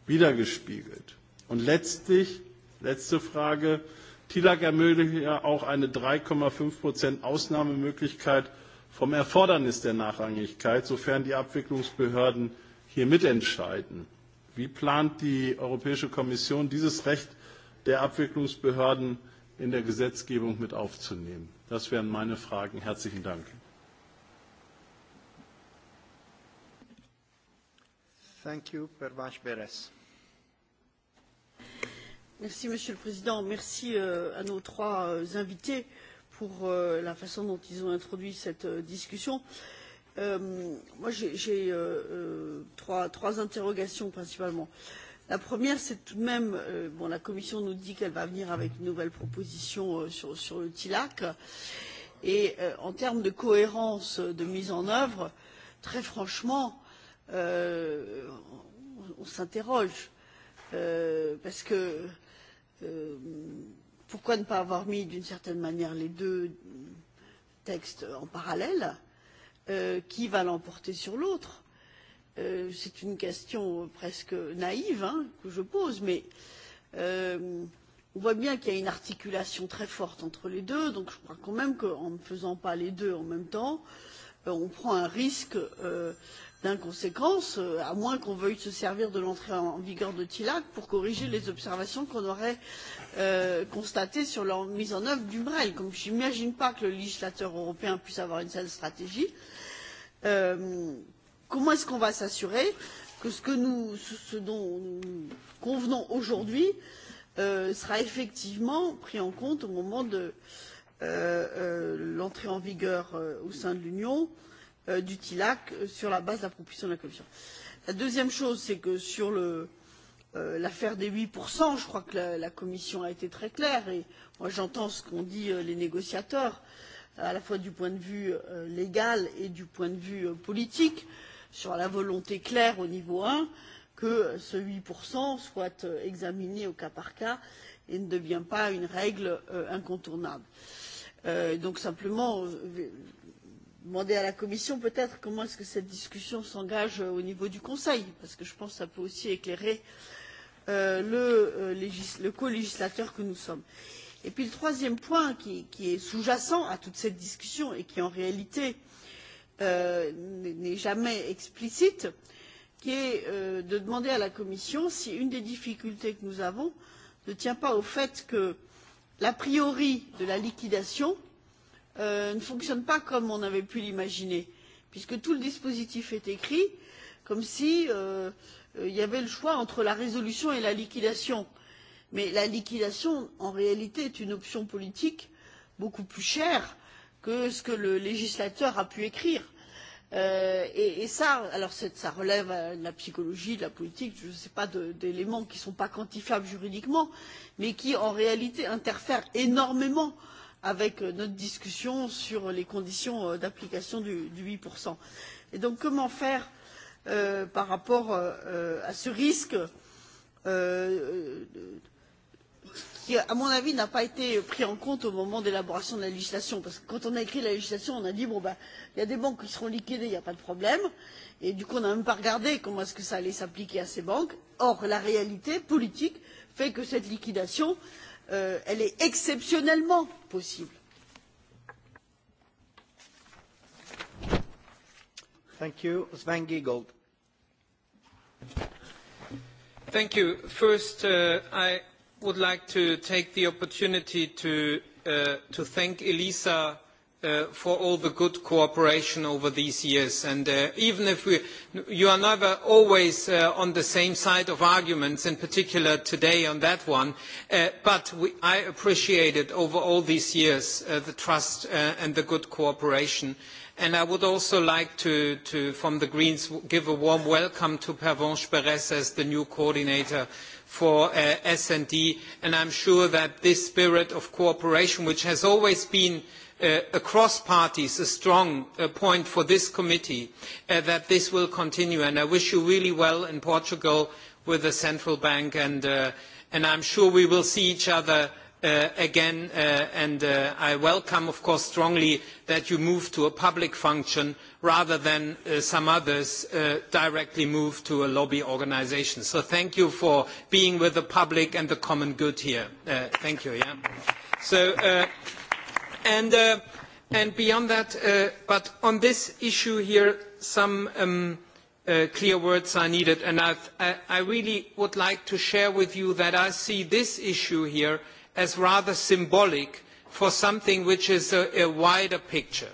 wiedergespiegelt? Und letztlich, letzte Frage, TILAC ermöglicht ja auch eine 3,5% Ausnahmemöglichkeit vom Erfordernis der Nachrangigkeit, sofern die Abwicklungsbehörden hier mitentscheiden. Wie plant die Europäische Kommission, dieses Recht der Abwicklungsbehörden in der Gesetzgebung mit aufzunehmen? Das wären meine Fragen. Herzlichen Dank. Thank you, Merci, Monsieur le Président. Merci euh, à nos trois euh, invités pour euh, la façon dont ils ont introduit cette euh, discussion. Euh, Euh, moi, j'ai euh, euh, trois, trois interrogations principalement. La première, c'est tout de même, euh, bon, la Commission nous dit qu'elle va venir avec une nouvelle proposition euh, sur, sur le TILAC. Et euh, en termes de cohérence de mise en œuvre, très franchement, euh, on, on s'interroge. Euh, parce que euh, pourquoi ne pas avoir mis d'une certaine manière les deux textes en parallèle euh, Euh, qui va l'emporter sur l'autre euh, C'est une question presque naïve hein, que je pose, mais euh, on voit bien qu'il y a une articulation très forte entre les deux, donc je crois quand même qu'en ne faisant pas les deux en même temps, euh, Euh, on prend un risque euh, d'inconséquence, euh, à moins qu'on veuille se servir de l'entrée en vigueur de TILAC pour corriger les observations qu'on aurait euh, constatées sur la mise en œuvre du MREL. Comme je n'imagine pas que le législateur européen puisse avoir une telle stratégie, euh, comment est-ce qu'on va s'assurer que ce, que nous, ce dont nous convenons aujourd'hui euh, sera effectivement pris en compte au moment de, euh, Euh, euh, l'entrée en vigueur euh, au sein de l'union du tlac sur la base de la proposition de la commission. la deuxième chose c'est que sur l'affaire des huit je crois que la, la commission a été très claire et moi j'entends ce qu'ont dit les négociateurs à la fois du point de vue légal et du point de vue politique sur la volonté claire au niveau un que ce huit soit examiné au cas par cas et ne devienne pas une règle incontournable. Euh, Euh, donc simplement, euh, demander à la Commission peut-être comment est-ce que cette discussion s'engage euh, au niveau du Conseil, parce que je pense que ça peut aussi éclairer euh, le, euh, le co-législateur que nous sommes. Et puis le troisième point qui, qui est sous-jacent à toute cette discussion et qui en réalité euh, n'est jamais explicite, qui est euh, de demander à la Commission si une des difficultés que nous avons ne tient pas au fait que euh, l'a priori de la liquidation euh, ne fonctionne pas comme on avait pu l'imaginer puisque tout le dispositif est écrit comme s'il euh, y avait le choix entre la résolution et la liquidation mais la liquidation en réalité est une option politique beaucoup plus chère que ce que le législateur a pu écrire Euh, et, et ça, alors ça relève de la psychologie, de la politique, je ne sais pas, d'éléments qui ne sont pas quantifiables juridiquement, mais qui en réalité interfèrent énormément avec euh, notre discussion sur les conditions euh, d'application du, du 8%. Et donc comment faire euh, par rapport euh, euh à ce risque euh, de, qui à mon avis n'a pas été pris en compte au moment de l'élaboration de la législation parce que quand on a écrit la législation on a dit bon ben il y a des banques qui seront liquidées il n'y a pas de problème et du coup on n'a même pas regardé comment est-ce que ça allait s'appliquer à ces banques. or la réalité politique fait que cette liquidation euh, elle est exceptionnellement possible. Thank you. Sven Giegold. Thank you. First, uh, I would like to take the opportunity to, uh, to thank Elisa uh, for all the good cooperation over these years. And uh, even if we, you are never always uh, on the same side of arguments, in particular today on that one, uh, but we, I appreciated over all these years uh, the trust uh, and the good cooperation. And I would also like to, to, from the Greens, give a warm welcome to Pervenche Beres as the new coordinator uh, for uh, S&D, and I'm sure that this spirit of cooperation, which has always been uh, across parties a strong uh, point for this committee, uh, that this will continue. And I wish you really well in Portugal with the central bank, and, uh, and I'm sure we will see each other Uh, again, uh, and uh, I welcome, of course, strongly that you move to a public function rather than uh, some others uh, directly move to a lobby organisation. So thank you for being with the public and the common good here. Uh, thank you. Yeah. So, and, and beyond that, but on this issue here, some um, clear words are needed, and I've, I, I really would like to share with you that I see this issue here as rather symbolic for something which is a, a wider picture.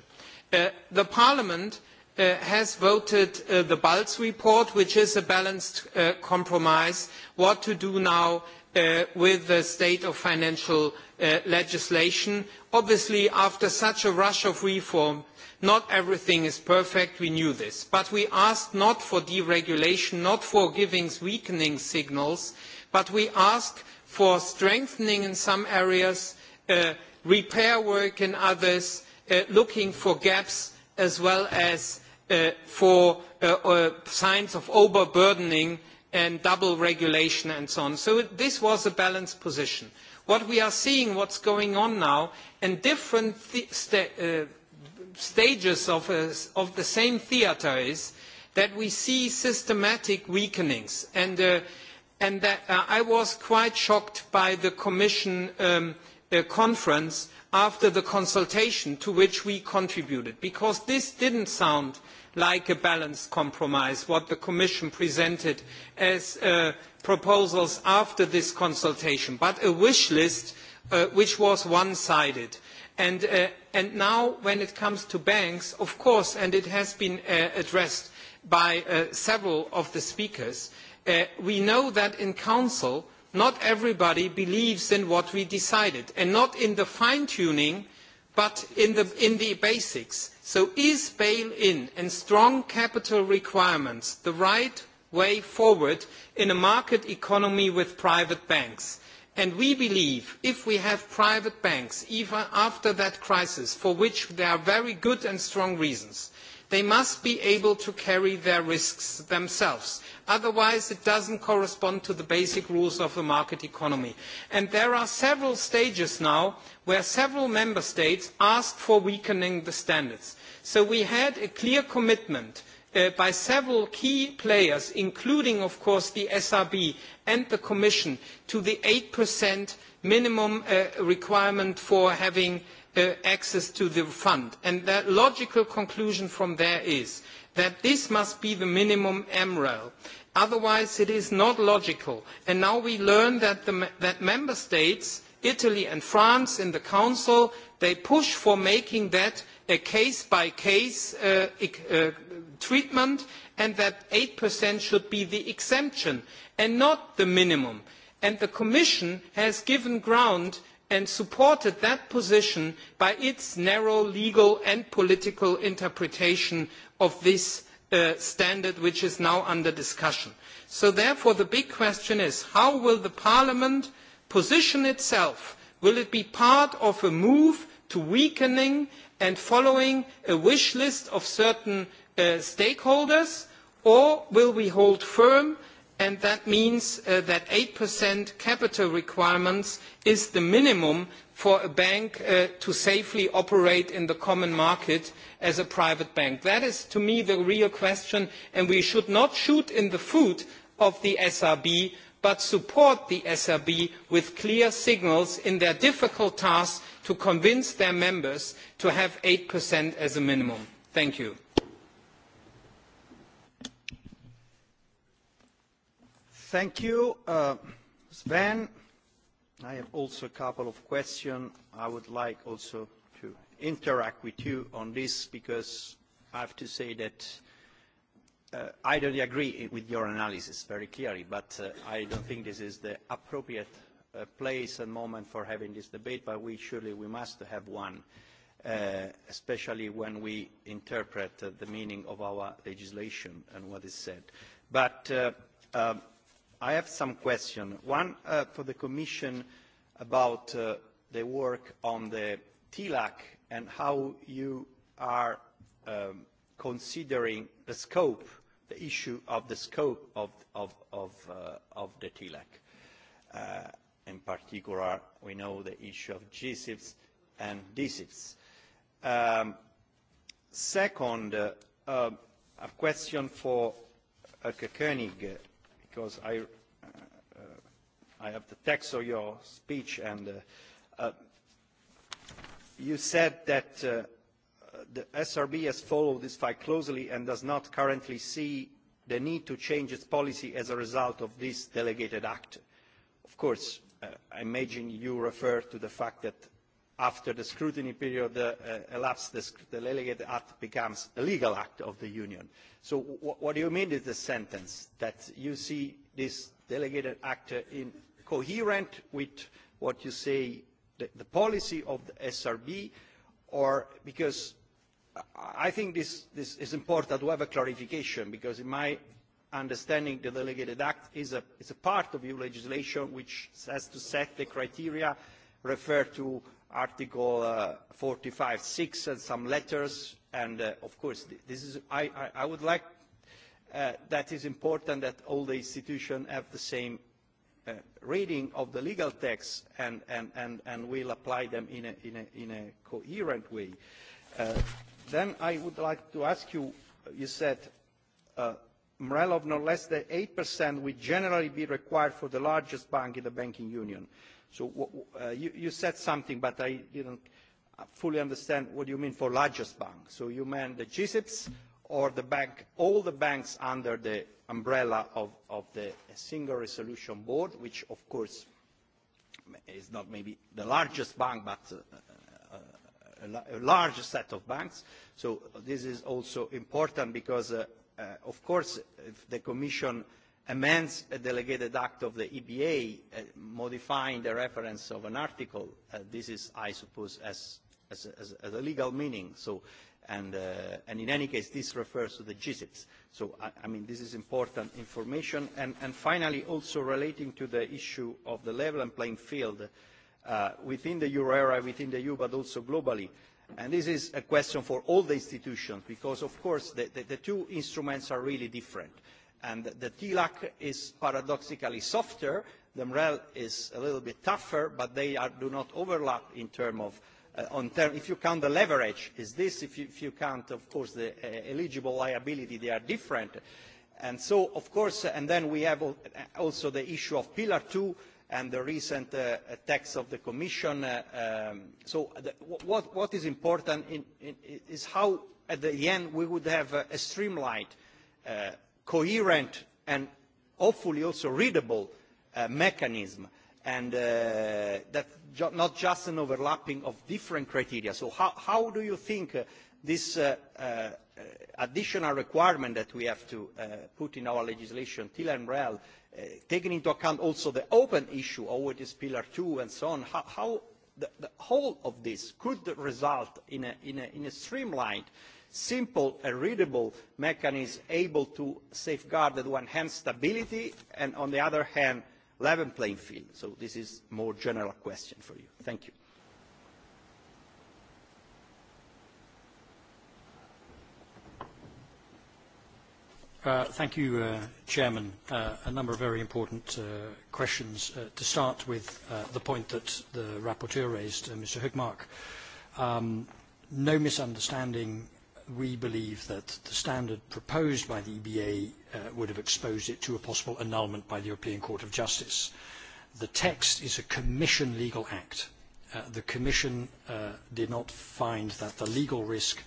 Uh, the Parliament uh, has voted uh, the Balz report, which is a balanced uh, compromise, what to do now uh, with the state of financial uh, legislation. Obviously, after such a rush of reform, not everything is perfect, we knew this. But we asked not for deregulation, not for giving weakening signals, but we asked for strengthening in some areas, uh, repair work in others, uh, looking for gaps as well as uh, for uh, uh, signs of overburdening and double regulation and so on. So this was a balanced position. What we are seeing, what's going on now, and different sta uh, stages of, a, of, the same theatre is that we see systematic weakenings. And and that, uh, I was quite shocked by the Commission um, uh, conference after the consultation to which we contributed, because this didn't sound like a balanced compromise, what the Commission presented as uh, proposals after this consultation, but a wish list uh, which was one-sided. And, uh, and now when it comes to banks, of course, and it has been uh, addressed by uh, several of the speakers, uh, Uh, we know that in Council, not everybody believes in what we decided, and not in the fine-tuning, but in the, in the basics. So is bail-in and strong capital requirements the right way forward in a market economy with private banks? And we believe if we have private banks, even after that crisis, for which there are very good and strong reasons, They must be able to carry their risks themselves. Otherwise, it doesn't correspond to the basic rules of the market economy. And there are several stages now where several member states asked for weakening the standards. So we had a clear commitment Uh, by several key players, including, of course, the SRB and the Commission, to the 8% minimum uh, requirement for having Uh, access to the fund. And the logical conclusion from there is that this must be the minimum MREL. Otherwise, it is not logical. And now we learn that, the, that member states, Italy and France in the Council, they push for making that a case-by-case -case, uh, e-, uh, treatment and that 8% should be the exemption and not the minimum. And the Commission has given ground and supported that position by its narrow legal and political interpretation of this uh, standard which is now under discussion. So therefore the big question is how will the parliament position itself? Will it be part of a move to weakening and following a wish list of certain uh, stakeholders or will we hold firm and that means uh, that 8% capital requirements is the minimum for a bank uh, to safely operate in the common market as a private bank. That is, to me, the real question, and we should not shoot in the foot of the SRB, but support the SRB with clear signals in their difficult task to convince their members to have 8% as a minimum. Thank you. Thank you, uh, Sven. I have also a couple of questions. I would like also to interact with you on this because I have to say that uh, I don't agree with your analysis very clearly, but uh, I don't think this is the appropriate place and moment for having this debate, but we surely we must have one, especially when we interpret the meaning of our legislation and what is said. But um, i have some questions. One uh, for the Commission about uh, the work on the TLAC and how you are um, considering the scope, the issue of the scope of, of, of, uh, of the TLAC. Uh, in particular, we know the issue of GSIPs and DSIPs. Um, second, uh, uh, a question for Öke uh, Koenig because I, uh, uh, I have the text of your speech, and uh, uh, you said that uh, the SRB has followed this fight closely and does not currently see the need to change its policy as a result of this delegated act. Of course, uh, I imagine you refer to the fact that after the scrutiny period uh, uh elapsed, the, delegated act becomes a legal act of the union. So what do you mean with the sentence that you see this delegated act uh, in coherent with what you say the, the policy of the SRB, or because uh, I think this, this is important to have a clarification because in my understanding the delegated act is a, is a part of EU legislation which has to set the criteria referred to Article uh, 45.6 and some letters. And uh, of course, this is, I, I, I would like, uh, that is important that all the institutions have the same uh, reading of the legal text and, and, and, and will apply them in a, in a, in a coherent way. Uh, then I would like to ask you, you said uh, MREL of no less than 8% would generally be required for the largest bank in the banking union. So uh, you, you said something, but I didn't fully understand what you mean for largest bank. So you meant the GSIPs or the bank, all the banks under the umbrella of, of the single resolution board, which of course is not maybe the largest bank, but uh, uh a, a large set of banks. So this is also important because, uh, uh, of course, if the Commission uh, amends a delegated act of the EBA, uh, modifying the reference of an article. Uh, this is, I suppose, as, as, as, as a legal meaning. So, and, uh, and in any case, this refers to the GSIPs. So, I, I mean, this is important information. And, and finally, also relating to the issue of the level and playing field uh, within the euro area, within the EU, but also globally. And this is a question for all the institutions, because, of course, the, the, the two instruments are really different. Uh, And the TLAC is paradoxically softer, the MREL is a little bit tougher, but they are, do not overlap in terms of Uh, on term, if you count the leverage, is this, if you, if you count, of course, the uh, eligible liability, they are different. And so, of course, and then we have uh, also the issue of Pillar 2 and the recent uh, text of the Commission. Uh, um, so the, what, what is important in, in, is how, at the end, we would have a, a streamlined uh, coherent and hopefully also readable uh, mechanism and uh, ju not just an overlapping of different criteria. So how, how do you think uh, this uh, uh, additional requirement that we have to uh, put in our legislation, TIL and REL, uh, taking into account also the open issue, oh, is Pillar 2 and so on, how, how the, the whole of this could result in a, in a, in a streamlined uh, simple and readable mechanism able to safeguard on the one hand stability and on the other hand level playing field? So this is a more general question for you. Thank you. Uh, thank you, uh, Chairman. Uh, a number of very important uh, questions. Uh, to start with uh, the point that the rapporteur raised, Mr. Hoekmark. Um, no misunderstanding we believe that the standard proposed by the EBA uh, would have exposed it to a possible annulment by the European Court of Justice. The text is a Commission legal act. Uh, the Commission uh, did not find that the legal risk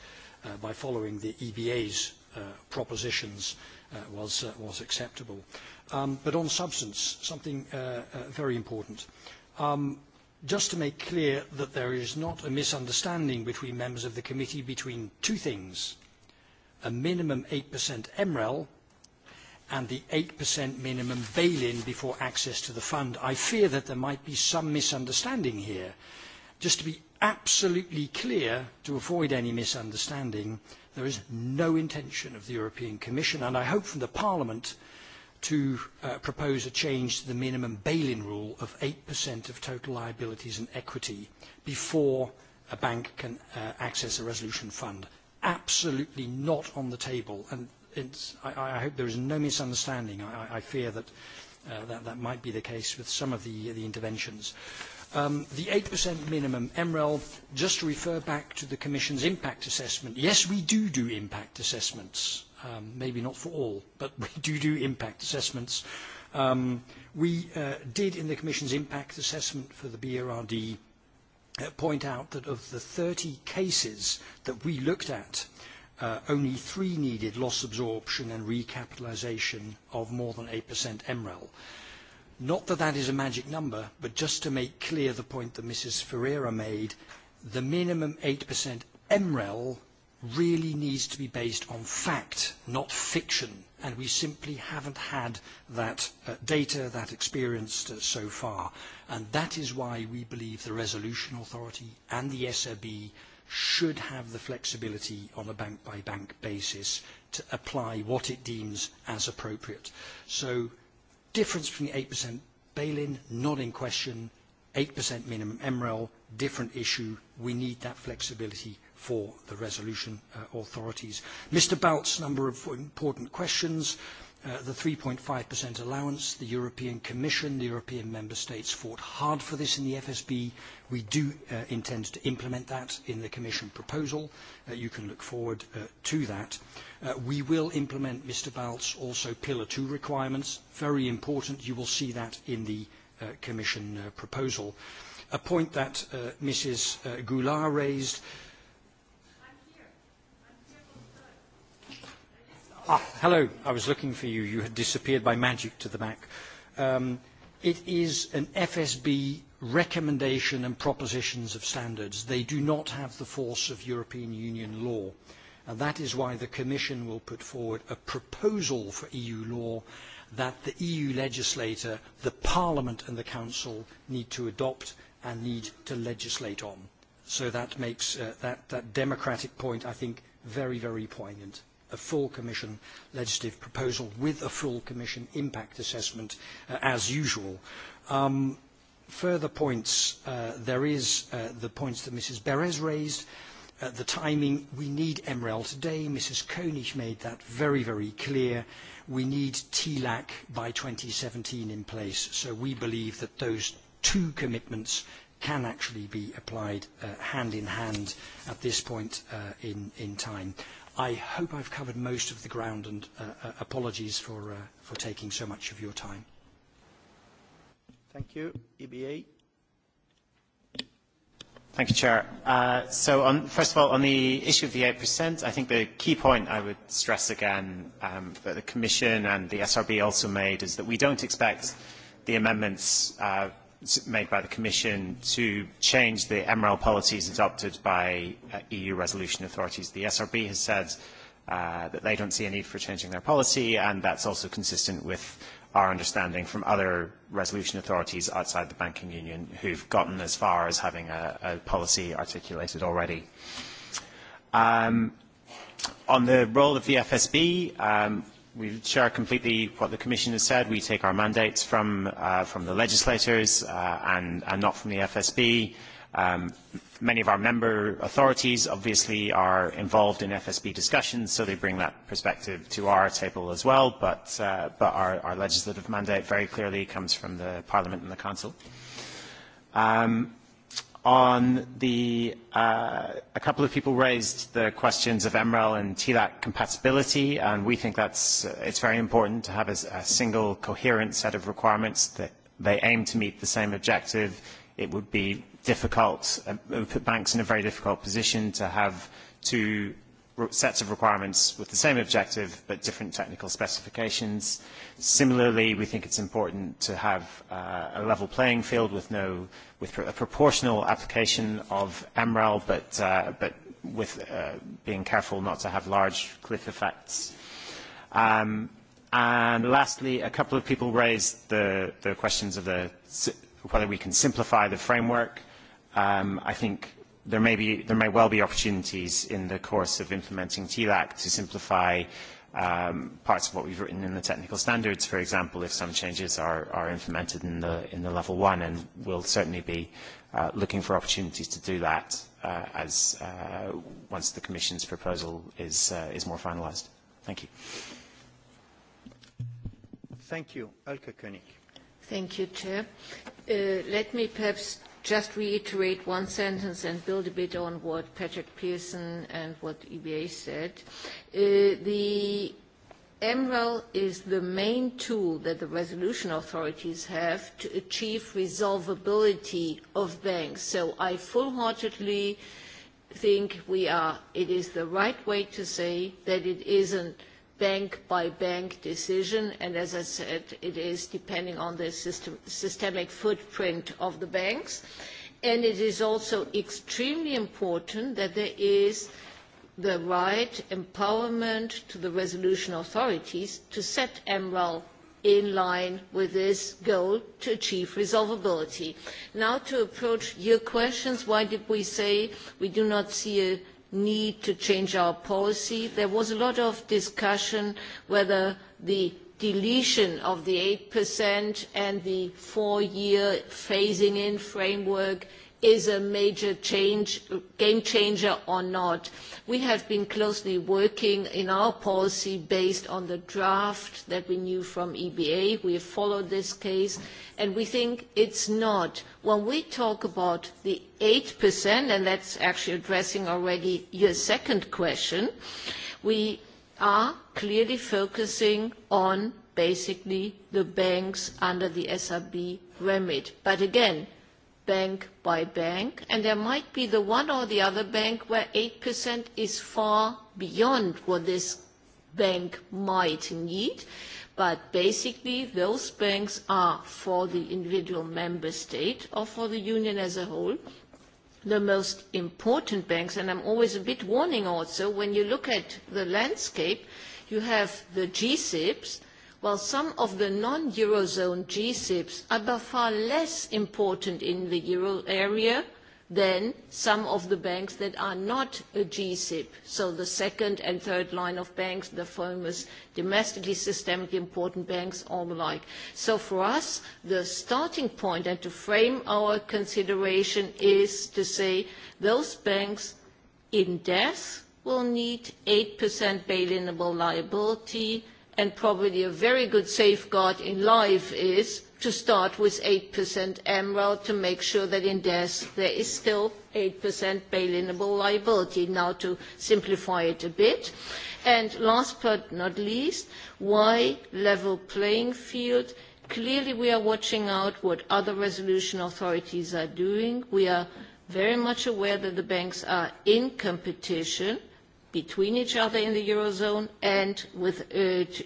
uh, by following the EBA's uh, propositions uh, was, uh, was acceptable. Um, but on substance, something uh, uh, very important. Um, Just to make clear that there is not a misunderstanding between members of the committee between two things, a minimum 8% MREL and the 8% minimum bail-in before access to the fund. I fear that there might be some misunderstanding here. Just to be absolutely clear, to avoid any misunderstanding, there is no intention of the European Commission, and I hope from the Parliament to uh, propose a change to the minimum bail-in rule of 8% of total liabilities and equity before a bank can uh, access a resolution fund. Absolutely not on the table. And it's, I, hope there is no misunderstanding. I, fear uh, that, that might be the case with some of the, interventions. Um, the 8% minimum MREL, just to refer back to the Commission's impact assessment, yes, we do impact assessments um, maybe not for all, but we do do impact assessments. Um, we uh, did in the Commission's impact assessment for the BRRD uh, point out that of the 30 cases that we looked at, uh, only three needed loss absorption and recapitalization of more than 8% MREL. Not that that is a magic number, but just to make clear the point that Mrs. Ferreira made, the minimum 8% MREL really needs to be based on fact, not fiction. And we simply haven't had that uh, data, that experience uh, so far. And that is why we believe the Resolution Authority and the SRB should have the flexibility on a bank-by-bank -bank basis to apply what it deems as appropriate. So difference between 8% bail-in, not in question, 8% minimum MREL, different issue. We need that flexibility for the resolution uh, authorities. Mr. Bout's number of important questions, uh, the 3.5% allowance, the European Commission, the European Member States fought hard for this in the FSB. We do uh, intend to implement that in the Commission proposal. Uh, you can look forward uh, to that. Uh, we will implement, Mr. Balt's, also Pillar 2 requirements. Very important. You will see that in the uh, Commission uh, proposal. A point that uh, Mrs. Uh, Goulart raised, uh, Ah, hello. I was looking for you. You had disappeared by magic to the back. Um, it is an FSB recommendation and propositions of standards. They do not have the force of European Union law. And that is why the Commission will put forward a proposal for EU law that the EU legislator, the Parliament and the Council need to adopt and need to legislate on. So that makes uh, that, that democratic point, I think, very, very poignant a full Commission legislative proposal with a full Commission impact assessment uh, as usual. Um, further points, uh, there is uh, the points that Mrs. Beres raised. Uh, the timing, we need MREL today. Mrs. Koenig made that very, very clear. We need TLAC by 2017 in place. So we believe that those two commitments can actually be applied uh, hand in hand at this point uh, in, in time. I hope I've covered most of the ground and uh, uh, apologies for, uh, for taking so much of your time. Thank you. EBA. Thank you, Chair. Uh, so on, first of all, on the issue of the 8%, I think the key point I would stress again um, that the Commission and the SRB also made is that we don't expect the amendments uh, made by the Commission to change the MREL policies adopted by uh, EU resolution authorities. The SRB has said uh, that they don't see a need for changing their policy, and that's also consistent with our understanding from other resolution authorities outside the banking union who've gotten as far as having a, a policy articulated already. Um, on the role of the FSB, um, we share completely what the Commission has said. We take our mandates from, uh, from the legislators uh, and, and not from the FSB. Um, many of our member authorities obviously are involved in FSB discussions, so they bring that perspective to our table as well, but, uh, but our, our legislative mandate very clearly comes from the Parliament and the Council. Um, on the uh, a couple of people raised the questions of MREL and TLAC compatibility, and we think that's uh, it's very important to have a, a single coherent set of requirements that they aim to meet the same objective. It would be difficult, uh, it uh, would put banks in a very difficult position to have two sets of requirements with the same objective but different technical specifications. Similarly, we think it's important to have uh, a level playing field with no with a proportional application of MREL, but uh, but with uh, being careful not to have large cliff effects. Um, and lastly, a couple of people raised the, the questions of the, whether we can simplify the framework. Um, I think there may, be, there may well be opportunities in the course of implementing TLAC to simplify um, parts of what we've written in the technical standards, for example, if some changes are, are implemented in the, in the level one, and we'll certainly be uh, looking for opportunities to do that uh, as uh, once the Commission's proposal is, uh, is more finalised. Thank you. Thank you. Elke König. Thank you, Chair. Uh, let me perhaps just reiterate one sentence and build a bit on what Patrick Pearson and what EBA said. Uh, the MREL is the main tool that the resolution authorities have to achieve resolvability of banks. So I full-heartedly think we are, it is the right way to say that it isn't bank-by-bank decision, as I said, it is depending on the systemic footprint of the banks. it is also extremely important that there is the right empowerment to the resolution authorities to set MREL in line with this goal to achieve resolvability. Now to approach your questions, why did we say we do not see a need to change our policy. There was a lot of discussion whether the deletion of the 8% and the four-year phasing in framework is a major change, game changer or not. We have been closely working in our policy based on the draft that we knew from EBA. We have followed this case, and we think it's not. When we talk about the 8%, and that's actually addressing already your second question, we are clearly focusing on basically the banks under the SRB remit. But again, bank by bank, and there might be the one or the other bank where 8% is far beyond what this bank might need. But basically, those banks are for the individual member state or for the union as a whole, the most important banks, and I'm always a bit warning also, when you look at the landscape, you have the G-SIBs, while some of the non-Eurozone G-SIBs are by far less important in the Euro area than some of the banks that are not a G-SIB, so the second and third line of banks, the famous domestically systemically important banks, all the like. So for us, the starting point and to frame our consideration is to say those banks in death will need 8% bail-inable liability, and probably a very good safeguard in life is to start with 8% MREL to make sure that in death there is still 8% bail-inable liability, now to simplify it a bit. And last but not least, why level playing field? Clearly we are watching out what other resolution authorities are doing. We are very much aware that the banks are in competition – between each other in the Eurozone and with, uh,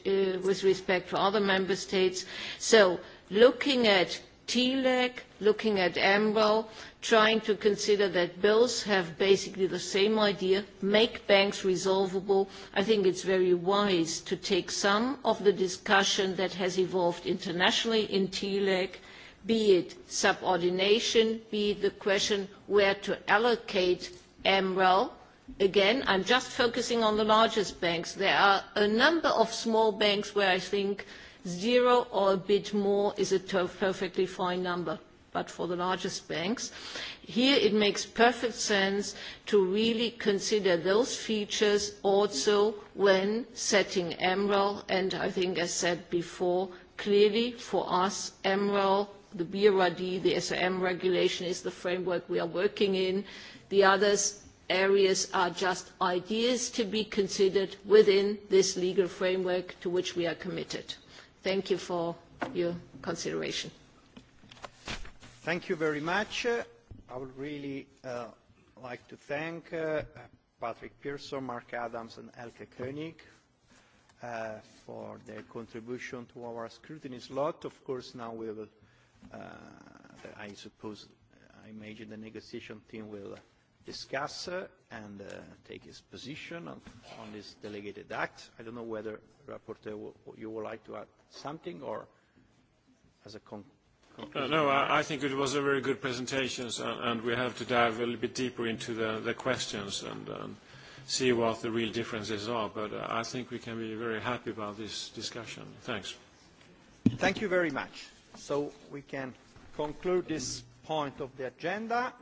uh, with respect to other member states. So looking at TLEC, looking at MREL, trying to consider that bills have basically the same idea, make banks resolvable. I think it's very wise to take some of the discussion that has evolved internationally in TLEC, be it subordination, be it the question where to allocate MREL, again, I'm just focusing on the largest banks. There are a number of small banks where I think zero or a bit more is a perfectly fine number. But for the largest banks, here it makes perfect sense to really consider those features also when setting MREL. And I think, as said before, clearly for us, MREL, the BRD, the SRM regulation is the framework we are working in. The others areas are just ideas to be considered within this legal framework to which we are committed. Thank you for your consideration. Thank you very much. Uh, I would really uh, like to thank uh, Patrick Pearson, Mark Adams, and Elke Koenig uh, for their contribution to our scrutiny slot. Of course, now we will, uh, I suppose, I imagine the negotiation team will uh, discuss uh, and uh, take his position on, on this delegated act. I don't know whether, Rapporteur, you would like to add something or as a con conclusion? Uh, no, I, I think it was a very good presentation, and, and we have to dive a little bit deeper into the, the questions and um, see what the real differences are. But uh, I think we can be very happy about this discussion. Thanks. Thank you very much. So we can conclude this point of the agenda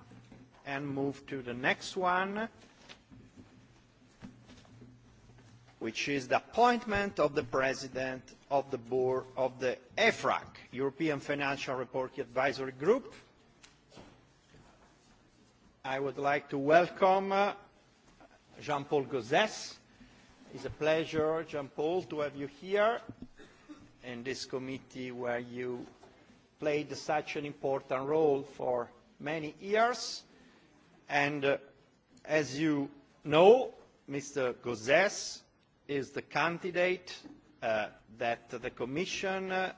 and move to the next one, which is the appointment of the president of the board of the EFRAC, European Financial Reporting Advisory Group. I would like to welcome uh, Jean-Paul Gauzès. It's a pleasure, Jean-Paul, to have you here in this committee where you played such an important role for many years and uh, as you know, Mr. Gauzès is the candidate uh, that the Commission uh,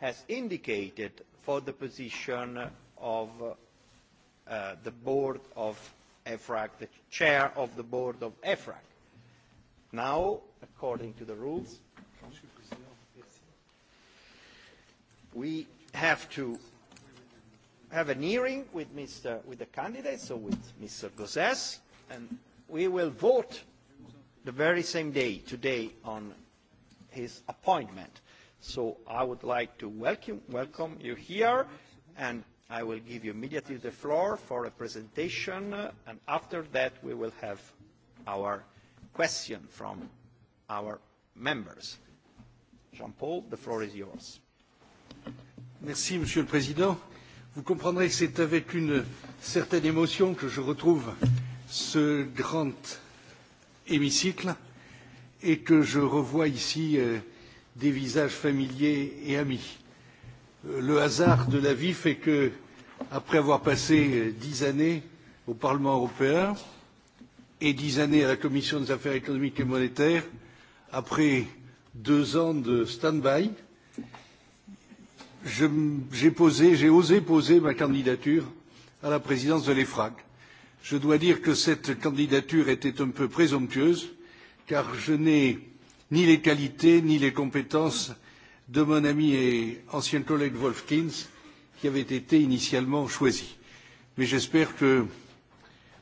has indicated for the position of uh, the board of EFRAG, the chair of the board of EFRAG. Now, according to the rules, we have to have an hearing with, Mr., with the candidates, so with Mr. Gozes, and we will vote the very same day, today, on his appointment. So I would like to welcome, welcome you here, and I will give you immediately the floor for a presentation, uh, and after that we will have our question from our members. Jean-Paul, the floor is yours. Merci, Monsieur le Président. Vous comprendrez que c'est avec une certaine émotion que je retrouve ce grand hémicycle et que je revois ici euh, des visages familiers et amis. Euh, le hasard de la vie fait que, après avoir passé euh, dix années au Parlement européen et dix années à la Commission des affaires économiques et monétaires, après deux ans de stand-by, euh, j'ai posé, j'ai osé poser ma candidature à la présidence de l'EFRAG. Je dois dire que cette candidature était un peu présomptueuse, car je n'ai ni les qualités ni les compétences de mon ami et ancien collègue Wolfkins, qui avait été initialement choisi. Mais j'espère que,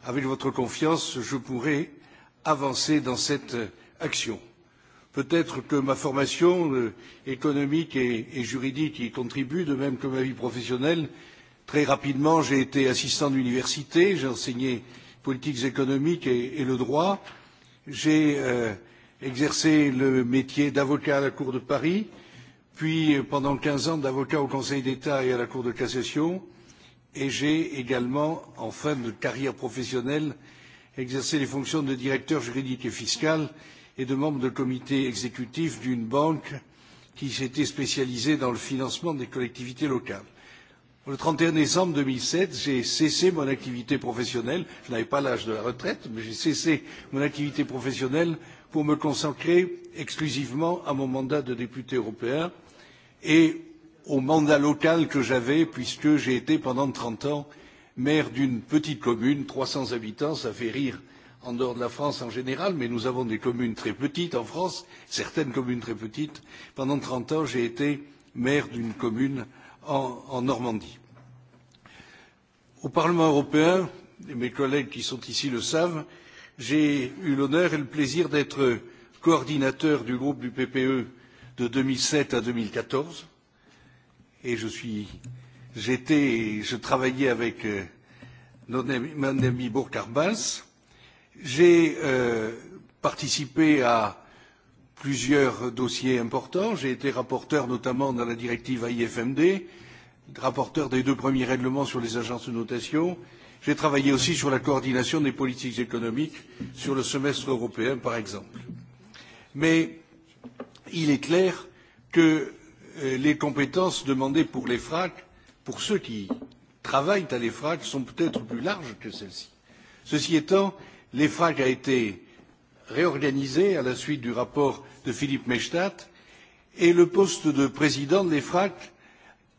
avec votre confiance, je pourrai avancer dans cette action. Peut-être que ma formation euh, économique et, et juridique y contribue, de même que ma vie professionnelle. Très rapidement, j'ai été assistant d'université, j'ai enseigné politiques économiques et, et le droit. J'ai euh, exercé le métier d'avocat à la Cour de Paris, puis euh, pendant 15 ans d'avocat au Conseil d'État et à la Cour de cassation, et j'ai également, en fin de carrière professionnelle, exercé les fonctions de directeur juridique et fiscal euh, et de membre de comité exécutif d'une banque qui s'était spécialisée dans le financement des collectivités locales. Le 31 décembre 2007, j'ai cessé mon activité professionnelle. Je n'avais pas l'âge de la retraite, mais j'ai cessé mon activité professionnelle pour me consacrer exclusivement à mon mandat de député européen et au mandat local que j'avais, puisque j'ai été pendant 30 ans maire d'une petite commune, 300 habitants, ça fait rire euh, en dehors de la France en général, mais nous avons des communes très petites en France, certaines communes très petites. Pendant 30 ans, j'ai été maire d'une commune en, en Normandie. Au Parlement européen, et mes collègues qui sont ici le savent, j'ai eu l'honneur et le plaisir d'être coordinateur du groupe du PPE de 2007 à 2014. Et je suis, j'étais, je travaillais avec euh, mon ami Burkhard Carbals J'ai euh, participé à plusieurs dossiers importants. J'ai été rapporteur notamment dans la directive AIFMD, rapporteur des deux premiers règlements sur les agences de notation. J'ai travaillé aussi sur la coordination des politiques économiques, sur le semestre européen par exemple. Mais il est clair que euh, les compétences demandées pour les FRAC, pour ceux qui travaillent à l'EFRAC, sont peut-être plus larges que celles-ci. Ceci étant, L'EFRAG a été réorganisé à la suite du rapport de Philippe Maystadt et le poste de président de l'EFRAG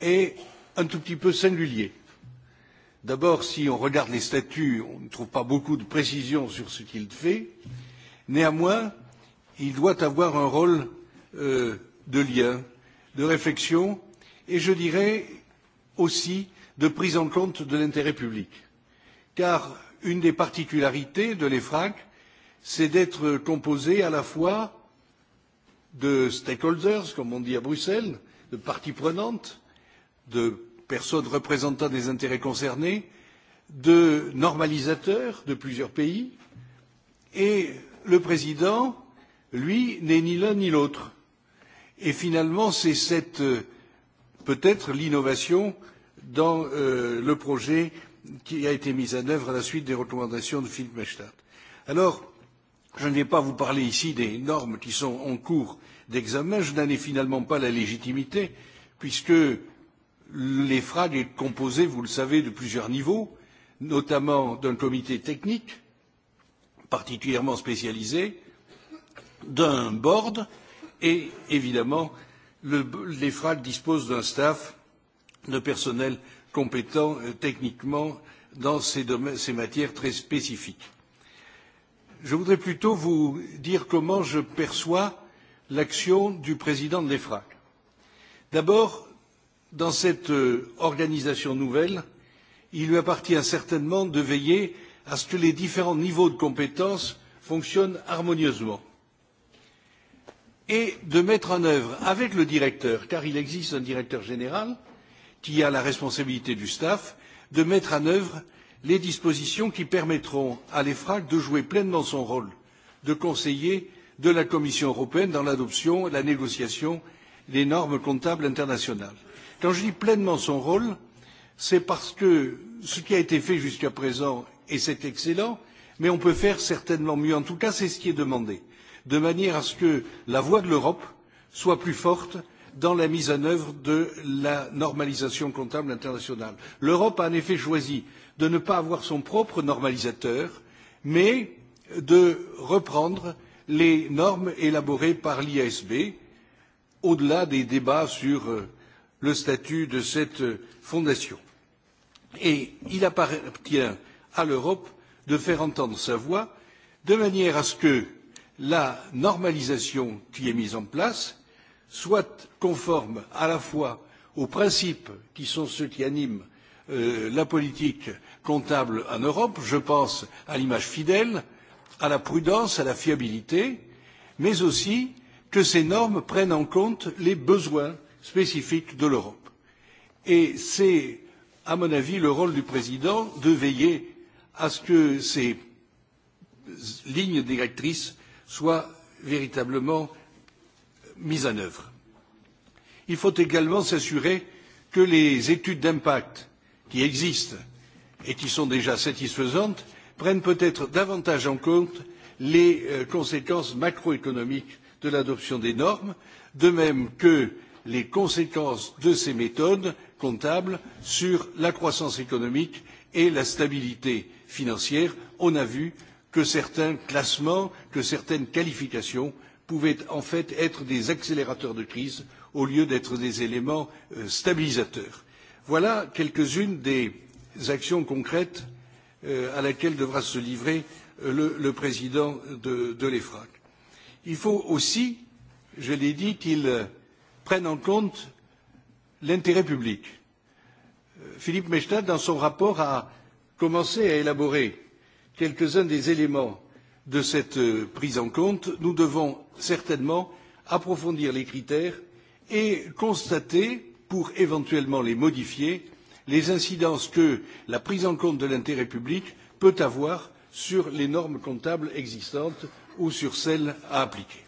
est un tout petit peu singulier. D'abord, si on regarde les statuts, on ne trouve pas beaucoup de précisions sur ce qu'il fait. Néanmoins, il doit avoir un rôle euh, de lien, de réflexion et je dirais aussi de prise en compte de l'intérêt public. Car Une des particularités de l'efrag c'est d'être composé à la fois de stakeholders, comme on dit à Bruxelles, de parties prenantes, de personnes représentant des intérêts concernés, de normalisateurs de plusieurs pays, et le président, lui, n'est ni l'un ni l'autre. Et finalement, c'est cette peut-être l'innovation dans euh, le projet qui a été mise en œuvre à la suite des recommandations de Philippe Mechtat. Alors, je ne vais pas vous parler ici des normes qui sont en cours d'examen, je n'en ai finalement pas la légitimité, puisque l'EFRAG est composé, vous le savez, de plusieurs niveaux, notamment d'un comité technique particulièrement spécialisé, d'un board et évidemment l'EFRAG dispose d'un staff de personnel compétents euh, techniquement dans ces, domaines, ces matières très spécifiques. Je voudrais plutôt vous dire comment je perçois l'action du président de l'EFRAC. D'abord, dans cette euh, organisation nouvelle, il lui appartient certainement de veiller à ce que les différents niveaux de compétences fonctionnent harmonieusement et de mettre en œuvre avec le directeur car il existe un directeur général qui a la responsabilité du staff, de mettre en œuvre les dispositions qui permettront à l'EFRAC de jouer pleinement son rôle de conseiller de la Commission européenne dans l'adoption et la négociation des normes comptables internationales. Quand je dis pleinement son rôle, c'est parce que ce qui a été fait jusqu'à présent, et c'est excellent, mais on peut faire certainement mieux. En tout cas, c'est ce qui est demandé, de manière à ce que la voix de l'Europe soit plus forte dans la mise en œuvre de la normalisation comptable internationale. L'Europe a en effet choisi de ne pas avoir son propre normalisateur, mais de reprendre les normes élaborées par l'IASB, au-delà des débats sur euh, le statut de cette euh, fondation. Et il appartient à l'Europe de faire entendre sa voix de manière à ce que la normalisation qui est mise en place soit conforme à la fois aux principes qui sont ceux qui animent euh, la politique comptable en Europe, je pense à l'image fidèle, à la prudence, à la fiabilité, mais aussi que ces normes prennent en compte les besoins spécifiques de l'Europe. Et c'est, à mon avis, le rôle du président de veiller à ce que ces lignes directrices soient véritablement mise en œuvre. Il faut également s'assurer que les études d'impact qui existent et qui sont déjà satisfaisantes prennent peut-être davantage en compte les euh, conséquences macroéconomiques de l'adoption des normes, de même que les conséquences de ces méthodes comptables sur la croissance économique et la stabilité financière. On a vu que certains classements, que certaines qualifications pouvaient en fait être des accélérateurs de crise au lieu d'être des éléments euh, stabilisateurs. Voilà quelques-unes des actions concrètes euh, à laquelle devra se livrer euh, le, le président de, de l'EFRAC. Il faut aussi, je l'ai dit, qu'il prenne en compte l'intérêt public. Euh, Philippe Mechtat, dans son rapport, a commencé à élaborer quelques-uns des éléments de cette euh, prise en compte. Nous devons certainement approfondir les critères et constater, pour éventuellement les modifier, les incidences que la prise en compte de l'intérêt public peut avoir sur les normes comptables existantes ou sur celles à appliquer.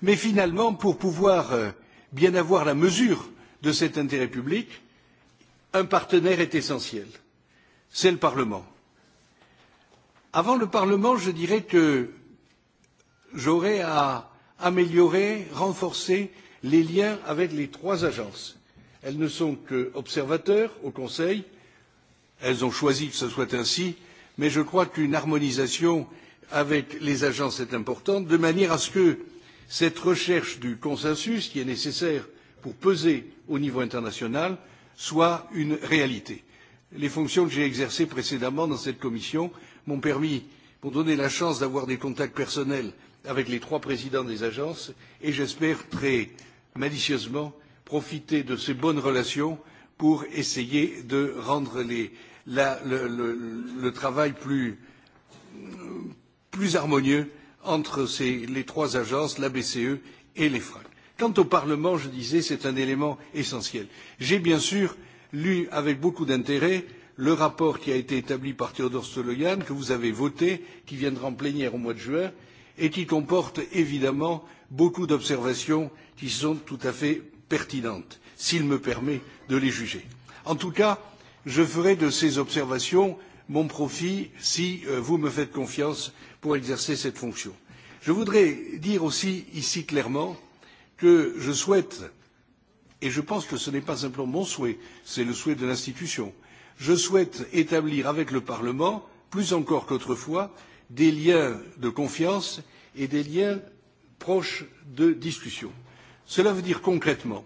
Mais finalement, pour pouvoir euh, bien avoir la mesure de cet intérêt public, un partenaire est essentiel. C'est le Parlement. Avant le Parlement, je dirais que j'aurais à améliorer, renforcer les liens avec les trois agences. Elles ne sont qu'observateurs au Conseil. Elles ont choisi que ce soit ainsi, mais je crois qu'une harmonisation avec les agences est importante, de manière à ce que cette recherche du consensus qui est nécessaire pour peser au niveau international soit une réalité. Les fonctions que j'ai exercées précédemment dans cette commission m'ont permis, m'ont donné la chance d'avoir des contacts personnels avec les trois présidents des agences et j'espère très malicieusement profiter de ces bonnes relations pour essayer de rendre les, la, le, le, le travail plus, plus harmonieux entre ces, les trois agences, la BCE et les FRAC. Quant au Parlement, je disais, c'est un élément essentiel. J'ai bien sûr lu avec beaucoup d'intérêt le rapport qui a été établi par Théodore Stoloyan, que vous avez voté, qui viendra en plénière au mois de juin, et qui comporte évidemment beaucoup d'observations qui sont tout à fait pertinentes, s'il me permet de les juger. En tout cas, je ferai de ces observations mon profit si euh, vous me faites confiance pour exercer cette fonction. Je voudrais dire aussi ici clairement que je souhaite et je pense que ce n'est pas simplement mon souhait, c'est le souhait de l'institution je souhaite établir avec le Parlement, plus encore qu'autrefois, des liens de confiance et des liens proches de discussion. Cela veut dire concrètement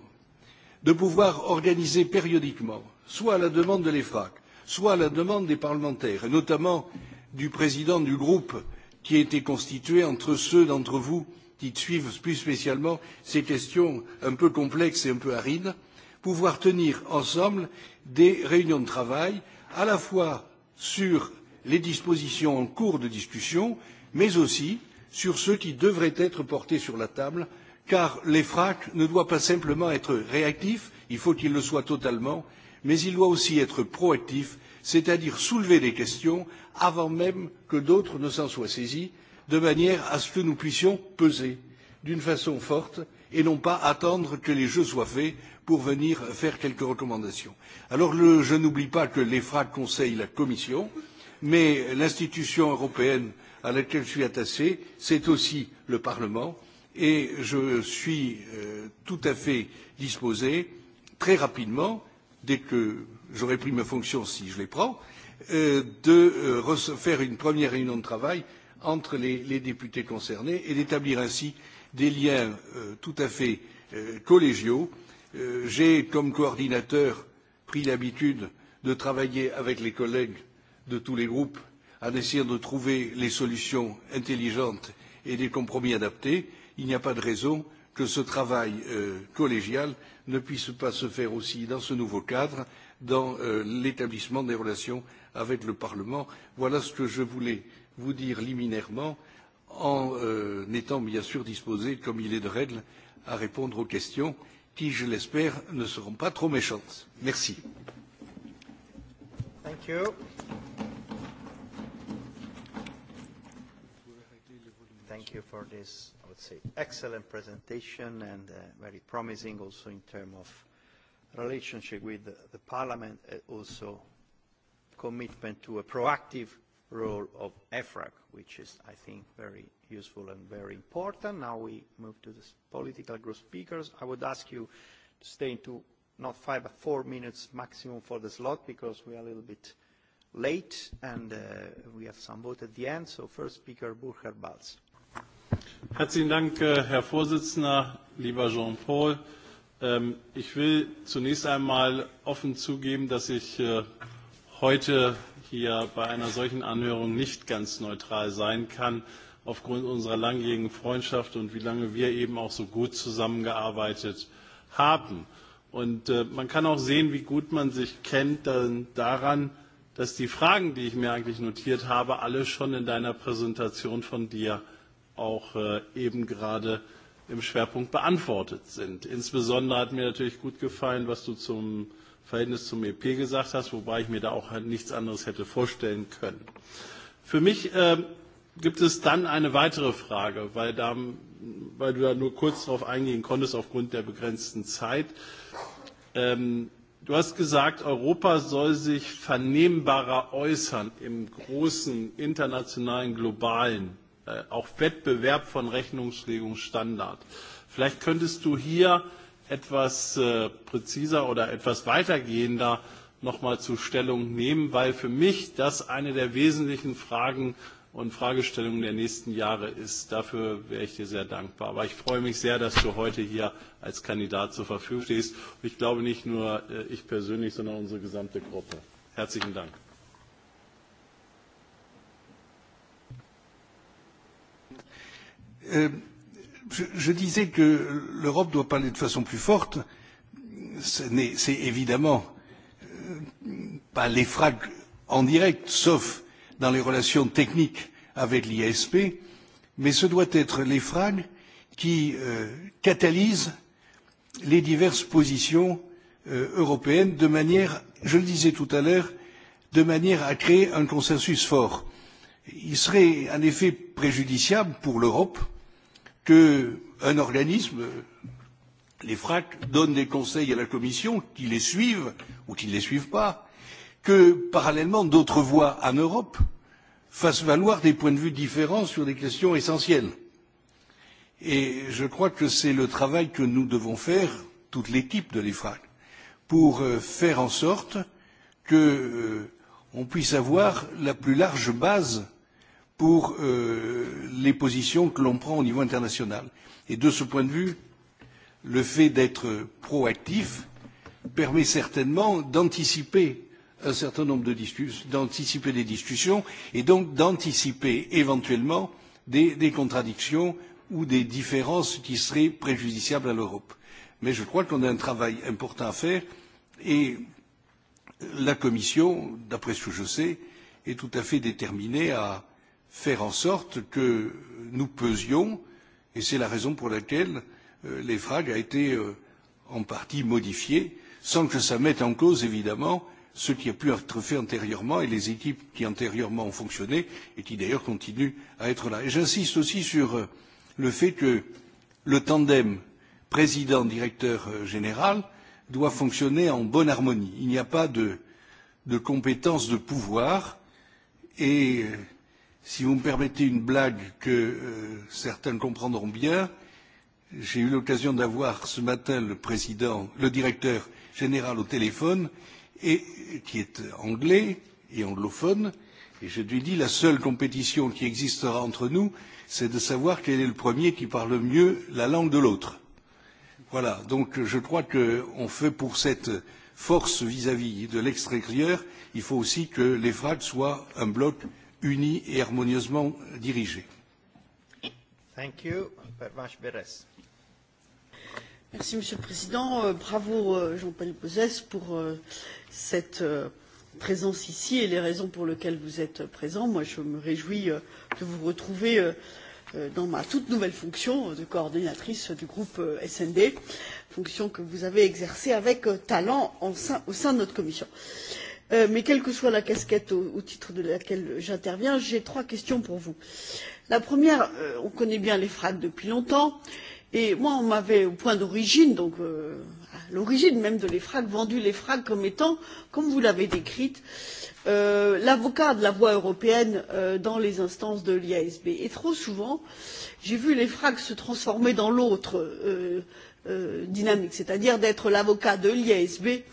de pouvoir organiser périodiquement, soit à la demande de l'EFRAC, soit à la demande des parlementaires, et notamment du président du groupe qui a été constitué entre ceux d'entre vous qui suivent plus spécialement ces questions un peu complexes et un peu arides, pouvoir tenir ensemble des réunions de travail à la fois sur les dispositions en cours de discussion, mais aussi sur ce qui devrait être porté sur la table, car l'EFRAC ne doit pas simplement être réactif, il faut qu'il le soit totalement, mais il doit aussi être proactif, c'est-à-dire soulever des questions avant même que d'autres ne s'en soient saisis, de manière à ce que nous puissions peser d'une façon forte et non pas attendre que les jeux soient faits pour venir faire quelques recommandations. Alors le, je n'oublie pas que l'EFRA conseille la Commission, mais l'institution européenne à laquelle je suis attaché, c'est aussi le Parlement, et je suis euh, tout à fait disposé, très rapidement, dès que j'aurai pris mes fonctions si je les prends, euh, de euh, faire une première réunion de travail entre les, les députés concernés et d'établir ainsi des liens euh, tout à fait euh, collégiaux. Euh, J'ai, comme coordinateur, pris l'habitude de travailler avec les collègues de tous les groupes en essayant de trouver les solutions intelligentes et des compromis adaptés, il n'y a pas de raison que ce travail euh, collégial ne puisse pas se faire aussi dans ce nouveau cadre, dans euh, l'établissement des relations avec le Parlement. Voilà ce que je voulais vous dire liminairement en euh, étant bien sûr disposé, comme il est de règle, à répondre aux questions qui, je l'espère, ne seront pas trop méchantes. Merci. Thank you. Thank you for this, I would say, excellent presentation and uh, very promising also in terms of relationship with the, the Parliament, and uh, also commitment to a proactive role of EFRAG, which is, I think, very useful and very important. Now we move to the political group speakers. I would ask you to stay into not five, but four minutes maximum for the slot because we are a little bit late and uh, we have some vote at the end. So first speaker, Burkhard Balz. Herzlichen Dank, äh, Herr Vorsitzender, lieber Jean-Paul. Ähm, ich will zunächst einmal offen zugeben, dass ich äh, heute hier bei einer solchen Anhörung nicht ganz neutral sein kann, aufgrund unserer langjährigen Freundschaft und wie lange wir eben auch so gut zusammengearbeitet haben. Und äh, man kann auch sehen, wie gut man sich kennt dann daran, dass die Fragen, die ich mir eigentlich notiert habe, alle schon in deiner Präsentation von dir auch äh, eben gerade im Schwerpunkt beantwortet sind. Insbesondere hat mir natürlich gut gefallen, was du zum Verhältnis zum EP gesagt hast, wobei ich mir da auch nichts anderes hätte vorstellen können. Für mich äh, gibt es dann eine weitere Frage, weil, da, weil du da nur kurz darauf eingehen konntest aufgrund der begrenzten Zeit. Ähm, du hast gesagt, Europa soll sich vernehmbarer äußern im großen internationalen globalen Äh, auch Wettbewerb von Rechnungslegungsstandard. Vielleicht könntest du hier etwas äh, präziser oder etwas weitergehender nochmal zur Stellung nehmen, weil für mich das eine der wesentlichen Fragen und Fragestellungen der nächsten Jahre ist. Dafür wäre ich dir sehr dankbar. Aber ich freue mich sehr, dass du heute hier als Kandidat zur Verfügung stehst. Und ich glaube nicht nur äh, ich persönlich, sondern unsere gesamte Gruppe. Herzlichen Dank. Euh, je, disais que l'Europe doit parler de façon plus forte. Ce n'est évidemment euh, pas les frags en direct, sauf dans les relations techniques avec l'ISP, mais ce doit être les frags qui euh, catalysent les diverses positions euh, européennes de manière, je le disais tout à l'heure, de manière à créer un consensus fort. Il serait en effet préjudiciable pour l'Europe euh, qu'un organisme, les FRAC, donne des conseils à la Commission, qui les suivent ou qui ne les suivent pas, que parallèlement d'autres voix en Europe fassent valoir des points de vue différents sur des questions essentielles. Et je crois que c'est le travail que nous devons faire, toute l'équipe de l'EFRAC, pour euh, faire en sorte que euh, on puisse avoir la plus large base pour euh, les positions que l'on prend au niveau international. Et de ce point de vue, le fait d'être proactif permet certainement d'anticiper un certain nombre de discussions, d'anticiper des discussions et donc d'anticiper éventuellement des, des contradictions ou des différences qui seraient préjudiciables à l'Europe. Mais je crois qu'on a un travail important à faire et la Commission, d'après ce que je sais, est tout à fait déterminée à faire en sorte que nous pesions, et c'est la raison pour laquelle euh, l'EFRAG a été euh, en partie modifié, sans que ça mette en cause, évidemment, ce qui a pu être fait antérieurement et les équipes qui antérieurement ont fonctionné et qui d'ailleurs continuent à être là. Et j'insiste aussi sur euh, le fait que le tandem président-directeur euh, général doit fonctionner en bonne harmonie. Il n'y a pas de, de compétence de pouvoir et euh, si vous me permettez une blague que euh, certains comprendront bien, j'ai eu l'occasion d'avoir ce matin le président, le directeur général au téléphone, et, qui est anglais et anglophone, et je lui ai dit la seule compétition qui existera entre nous, c'est de savoir quel est le premier qui parle le mieux la langue de l'autre. Voilà, donc je crois qu'on fait pour cette force vis-à-vis -vis de l'extérieur, il faut aussi que les FRAC soient un bloc unie et harmonieusement dirigée. Thank you. Merci, Monsieur le Président. Euh, bravo, euh, Jean-Paul Gauzès, pour euh, cette présence ici et les raisons pour lesquelles vous êtes présent. Moi, je me réjouis de vous retrouver dans ma toute nouvelle fonction de coordinatrice du groupe SND, fonction que vous avez exercée avec talent au sein de notre commission. Euh, Euh, mais quelle que soit la casquette au, au titre de laquelle j'interviens j'ai trois questions pour vous. la première euh, on connaît bien les fraudes depuis longtemps et moi on m'avait au point d'origine donc euh, à l'origine même de les l'efrag vendu les l'efrag comme étant comme vous l'avez décrite euh, l'avocat de la voix européenne euh, dans les instances de l'iasb et trop souvent j'ai vu les l'efrag se transformer dans l'autre euh, dynamique c'est à dire d'être l'avocat de l'iasb et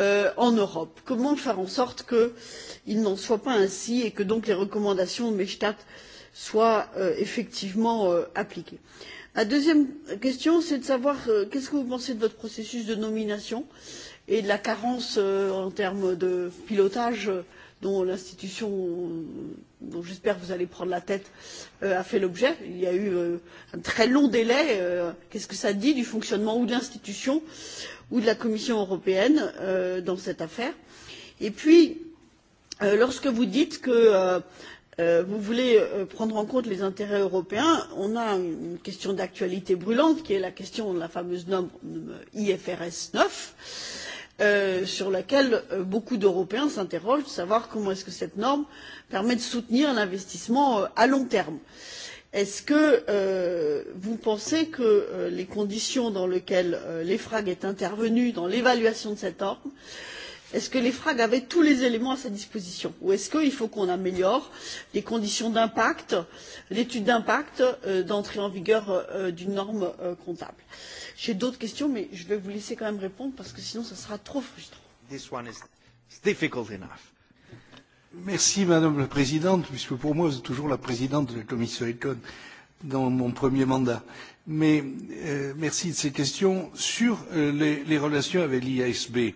Euh, en europe. comment faire en sorte qu'il n'en soit pas ainsi et que donc les recommandations de maystadt soient euh, effectivement euh, appliquées? ma deuxième question c'est de savoir qu'est ce que vous pensez de votre processus de nomination et de la carence en termes de pilotage dont l'institution dont j'espère vous allez prendre la tête euh, a fait l'objet. Il y a eu euh, un très long délai. Euh, Qu'est-ce que ça dit du fonctionnement ou de l'institution ou de la Commission européenne euh, dans cette affaire Et puis, euh, lorsque vous dites que euh, euh, vous voulez euh, prendre en compte les intérêts européens, on a une question d'actualité brûlante qui est la question de la fameuse norme IFRS 9 Euh, sur laquelle euh, beaucoup d'Européens s'interrogent, à savoir comment cette norme permet de soutenir l'investissement euh, à long terme. Est-ce que vous pensez que les conditions dans lesquelles l'EFRAG est intervenu dans l'évaluation de cette norme est-ce que les frag avaient tous les éléments à sa disposition ou est-ce qu'il faut qu'on améliore les conditions d'impact l'étude d'impact euh, d'entrée en vigueur euh, d'une norme euh, comptable? j'ai d'autres questions mais je vais vous laisser quand même répondre parce que sinon ce sera trop frustrant. This one is difficult enough. Merci Madame la Présidente, puisque pour moi vous êtes toujours la Présidente de la Commission Econ dans mon premier mandat. Mais euh, merci de ces questions sur euh, les, les relations avec l'IASB. Euh,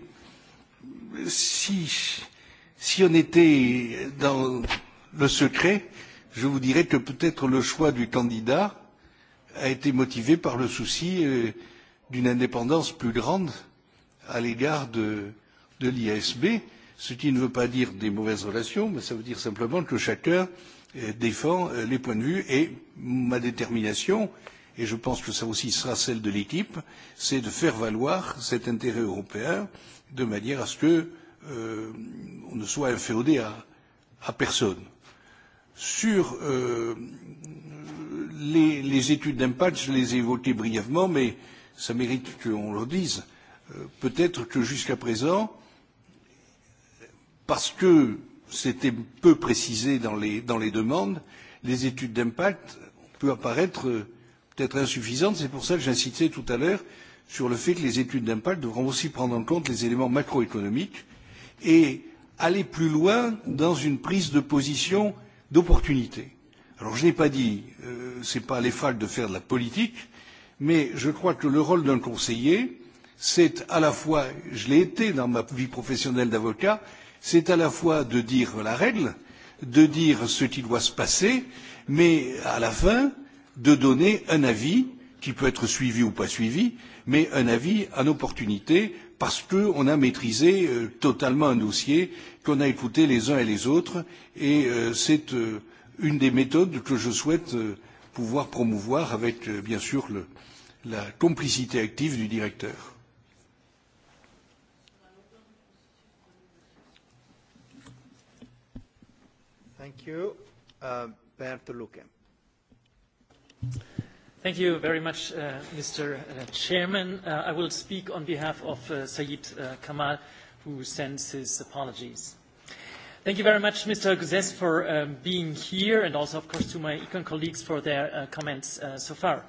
si, si on était dans le secret, je vous dirais que peut-être le choix du candidat a été motivé par le souci euh, d'une indépendance plus grande à l'égard de, de l'ISB, ce qui ne veut pas dire des mauvaises relations, mais ça veut dire simplement que chacun euh, défend euh, les points de vue et ma détermination, et je pense que ça aussi sera celle de l'équipe, c'est de faire valoir cet intérêt européen euh, de manière à ce que euh, on ne soit inféodé à, à personne. Sur euh, les, les études d'impact, je les ai évoquées brièvement, mais ça mérite qu'on le dise. Euh, Peut-être que jusqu'à présent, parce que c'était peu précisé dans les, dans les demandes, les études d'impact peuvent apparaître euh, peut-être insuffisantes. C'est pour ça que j'insistais tout à l'heure euh, sur le fait que les études d'impact devront aussi prendre en compte les éléments macroéconomiques et aller plus loin dans une prise de position d'opportunité. Alors je n'ai pas dit, euh, ce n'est pas les facs de faire de la politique, mais je crois que le rôle d'un conseiller, c'est à la fois, je l'ai été dans ma vie professionnelle d'avocat, c'est à la fois de dire la règle, de dire ce qui doit se passer, mais à la fin, de donner un avis qui peut être suivi ou pas suivi, mais un avis en opportunité parce qu'on a maîtrisé euh, totalement un dossier, qu'on a écouté les uns et les autres, et euh, c'est euh, une des méthodes que je souhaite euh, pouvoir promouvoir avec, euh, bien sûr, le, la complicité active du directeur. Thank you. Uh, Bert Lucke. Thank you very much, uh, Mr. Uh, Chairman. Uh, I will speak on behalf of uh, Sayed uh, Kamal, who sends his apologies. Thank you very much, Mr. Guzes, for um, being here, and also, of course, to my econ colleagues for their uh, comments uh, so far.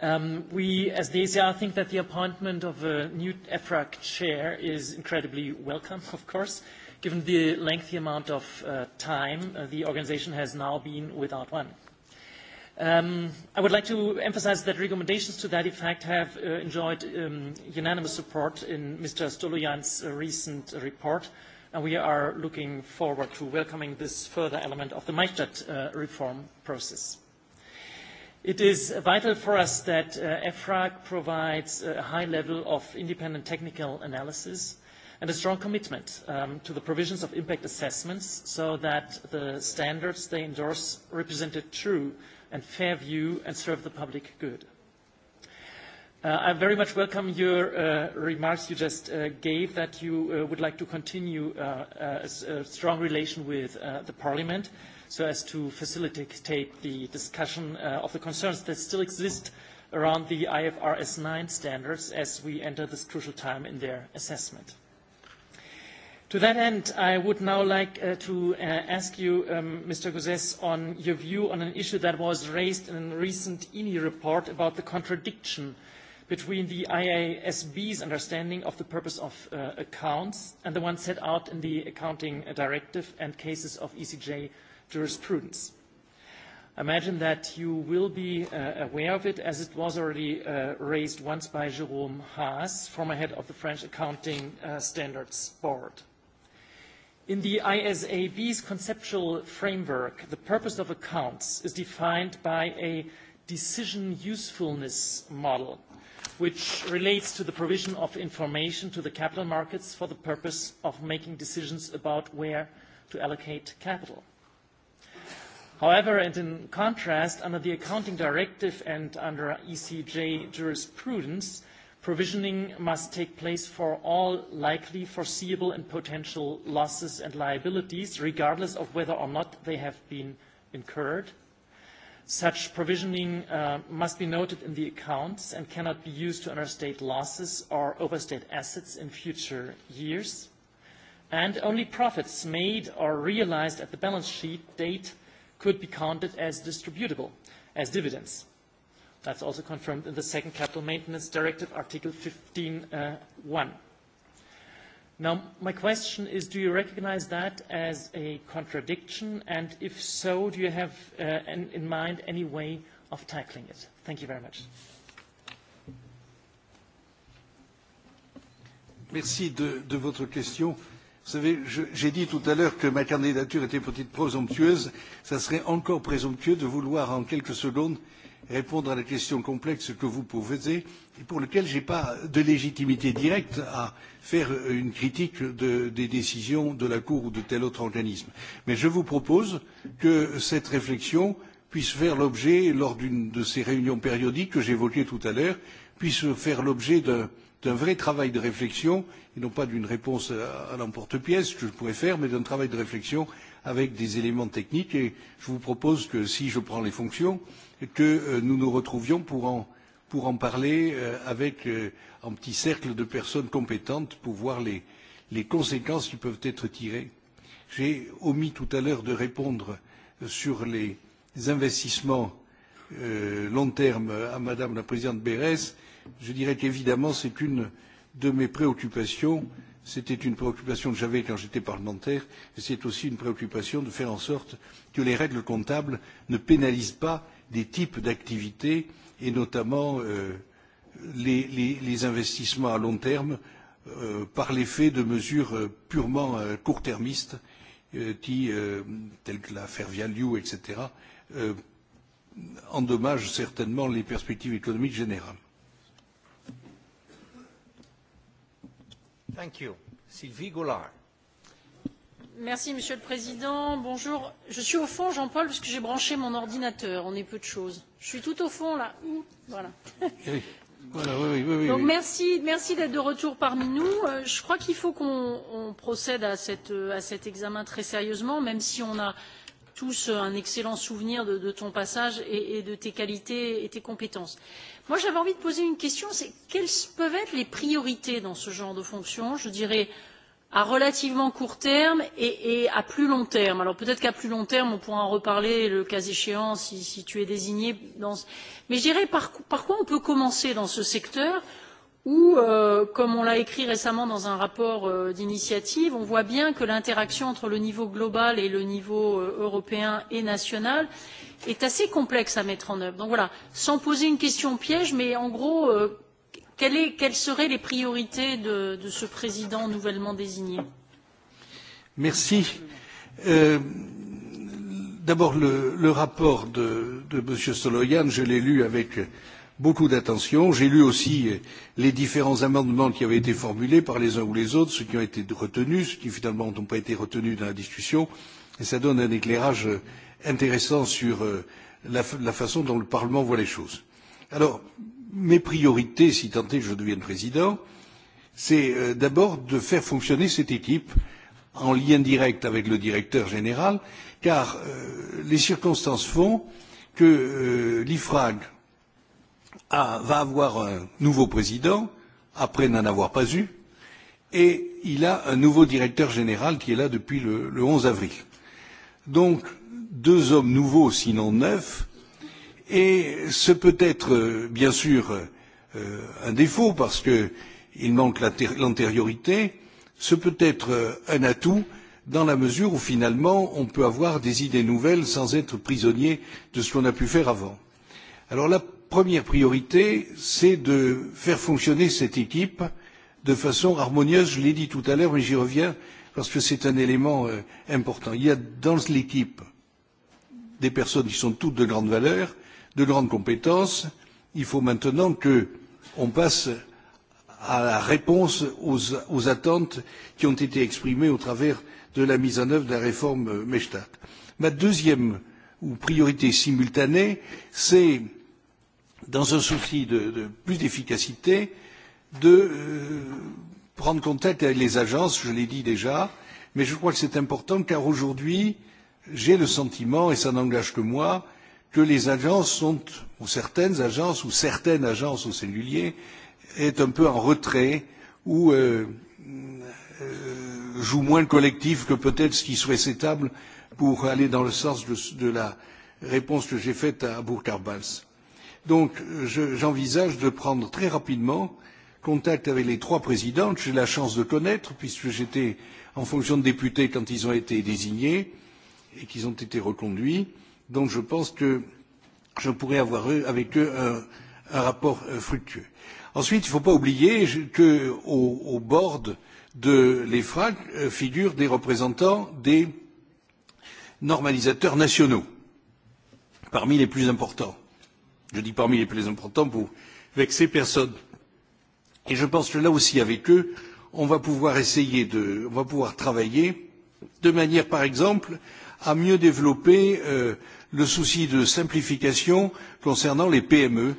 Um, we, as the ACR, think that the appointment of a new EFRAC chair is incredibly welcome, of course, given the lengthy amount of uh, time uh, the organization has now been without one. Um, I would like to emphasize that recommendations to that effect have uh, enjoyed um, unanimous support in Mr. Stolojan's uh, recent report, and we are looking forward to welcoming this further element of the Maestad uh, reform process. It is vital for us that uh, EFRAG provides a high level of independent technical analysis and a strong commitment um, to the provisions of impact assessments so that the standards they endorse represent a true and fair view and serve the public good. Uh, I very much welcome your uh, remarks you just uh, gave that you uh, would like to continue a, uh, a uh, strong relation with the Parliament so as to facilitate the discussion of the concerns that still exist around the IFRS 9 standards as we enter this crucial time in their assessment. To that end, I would now like uh, to uh, ask you, um, Mr. Gauzès, on your view on an issue that was raised in a recent INI e report about the contradiction between the IASB's understanding of the purpose of uh, accounts and the one set out in the accounting directive and cases of ECJ jurisprudence. I imagine that you will be uh, aware of it as it was already uh, raised once by Jérôme Haas, former head of the French Accounting uh, Standards Board. In the ISAB's conceptual framework, the purpose of accounts is defined by a decision usefulness model, which relates to the provision of information to the capital markets for the purpose of making decisions about where to allocate capital. However, and in contrast, under the accounting directive and under ECJ jurisprudence, Provisioning must take place for all likely, foreseeable, and potential losses and liabilities, regardless of whether or not they have been incurred. Such provisioning uh, must be noted in the accounts and cannot be used to understate losses or overstate assets in future years. And only profits made or realized at the balance sheet date could be counted as distributable, as dividends. That's also confirmed in the second Capital Maintenance Directive, Article 15.1. Uh, Now, my question is, do you recognize that as a contradiction? And if so, do you have uh, an, in mind any way of tackling it? Thank you very much. Merci de, de votre question. Vous savez, j'ai dit tout à l'heure que ma candidature était petite présomptueuse. Ça serait encore présomptueux de vouloir en quelques secondes euh, répondre à la question complexe que vous posez et pour laquelle je n'ai pas de légitimité directe à faire une critique de, des décisions de la Cour ou de tel autre organisme. Mais je vous propose que cette réflexion puisse faire l'objet, lors d'une de ces réunions périodiques que j'évoquais tout à l'heure, puisse faire l'objet d'un d'un vrai travail de réflexion, et non pas d'une réponse à, à l'emporte-pièce que je pourrais faire, mais d'un travail de réflexion avec des éléments techniques et je vous propose que, si je prends les fonctions, que euh, nous nous retrouvions pour en, pour en parler euh, avec euh, un petit cercle de personnes compétentes pour voir les, les conséquences qui peuvent être tirées. J'ai omis tout à l'heure de répondre euh, sur les investissements euh, long terme à Madame la Présidente Bérès. Je dirais qu'évidemment, c'est une de mes préoccupations. C'était une préoccupation que j'avais quand j'étais parlementaire, et c'est aussi une préoccupation de faire en sorte que les règles comptables ne pénalisent pas des types d'activités, et notamment euh, les, les, les investissements à long terme, euh, par l'effet de mesures euh, purement euh, court-termistes, euh, euh, telles que la fair value, etc., euh, endommagent certainement les perspectives économiques générales. Monsieur le Président. Je suis au fond, Jean-Paul, parce que j'ai branché mon ordinateur. On est peu de chose. Je suis tout au fond, là. merci, d'être de retour parmi nous. Euh, je crois qu'il faut qu'on procède euh, à, cet examen très sérieusement, même si on a tous un excellent souvenir de, ton passage et, de tes qualités et de tes compétences. Moi, j'avais envie de poser une question, c'est quelles peuvent être les priorités dans ce genre de fonction, je dirais, à relativement court terme et, et à plus long terme. Alors peut-être qu'à plus long terme, on pourra en reparler le cas échéant si, si tu es désigné. Dans... ce... Mais je dirais par, par quoi on peut commencer dans ce secteur euh, où, euh, comme on l'a écrit récemment dans un rapport euh, d'initiative, on voit bien que l'interaction entre le niveau global et le niveau euh, européen et national est assez complexe à mettre en œuvre. Donc voilà, sans poser une question piège, mais en gros, euh, quelle est, quelles seraient les priorités de, de ce président nouvellement désigné Merci. Euh, D'abord, le, le rapport de, de M. Soloyan, je l'ai lu avec euh, beaucoup d'attention. J'ai lu aussi euh, les différents amendements qui avaient été formulés par les uns ou les autres, ceux qui ont été retenus, ceux qui finalement n'ont pas été retenus dans la discussion, et ça donne un éclairage euh, intéressant sur euh, la, la façon dont le Parlement voit les choses. Alors, mes priorités, si tant est que je devienne président, c'est d'abord de faire fonctionner cette équipe en lien direct avec le directeur général, car euh, les circonstances font que euh, l'IFRAG, a, va avoir un nouveau président, après n'en avoir pas eu, et il a un nouveau directeur général qui est là depuis le, le 11 avril. Donc, deux hommes nouveaux, sinon neufs, et ce peut être, bien sûr, euh, un défaut parce qu'il manque l'antériorité, ce peut être un atout dans la mesure où finalement on peut avoir des idées nouvelles sans être prisonnier de ce qu'on a pu faire avant. Alors la première priorité, c'est de faire fonctionner cette équipe de façon harmonieuse. Je l'ai dit tout à l'heure, mais j'y reviens parce que c'est un élément euh, important. Il y a dans l'équipe des personnes qui sont toutes de grande valeur, de grandes compétences. Il faut maintenant que on passe à la réponse aux, aux attentes qui ont été exprimées au travers de la mise en œuvre de la réforme euh, Mechtat. Ma deuxième ou priorité simultanée, c'est euh, dans un souci de, de plus d'efficacité, de euh, prendre contact avec les agences, je l'ai dit déjà, mais je crois que c'est important car aujourd'hui, j'ai le sentiment, et ça n'engage que moi, que les agences sont, ou certaines agences, ou certaines agences au cellulier, est un peu en retrait ou euh, euh, joue moins le collectif que peut-être ce qui serait souhaitable pour aller dans le sens de, de la réponse que j'ai faite à Burkhard carbals Donc j'envisage je, de prendre très rapidement contact avec les trois présidents que J'ai la chance de connaître, puisque j'étais en fonction de député quand ils ont été désignés et qu'ils ont été reconduits. Donc je pense que je pourrais avoir euh, avec eux un, un rapport euh, fructueux. Ensuite, il ne faut pas oublier qu'au au board de l'EFRAC euh, figurent des représentants des normalisateurs nationaux, parmi les plus importants je dis parmi les plus importants pour vexer personne. Et je pense que là aussi, avec eux, on va pouvoir essayer de, on va pouvoir travailler de manière, par exemple, à mieux développer euh, le souci de simplification concernant les PME,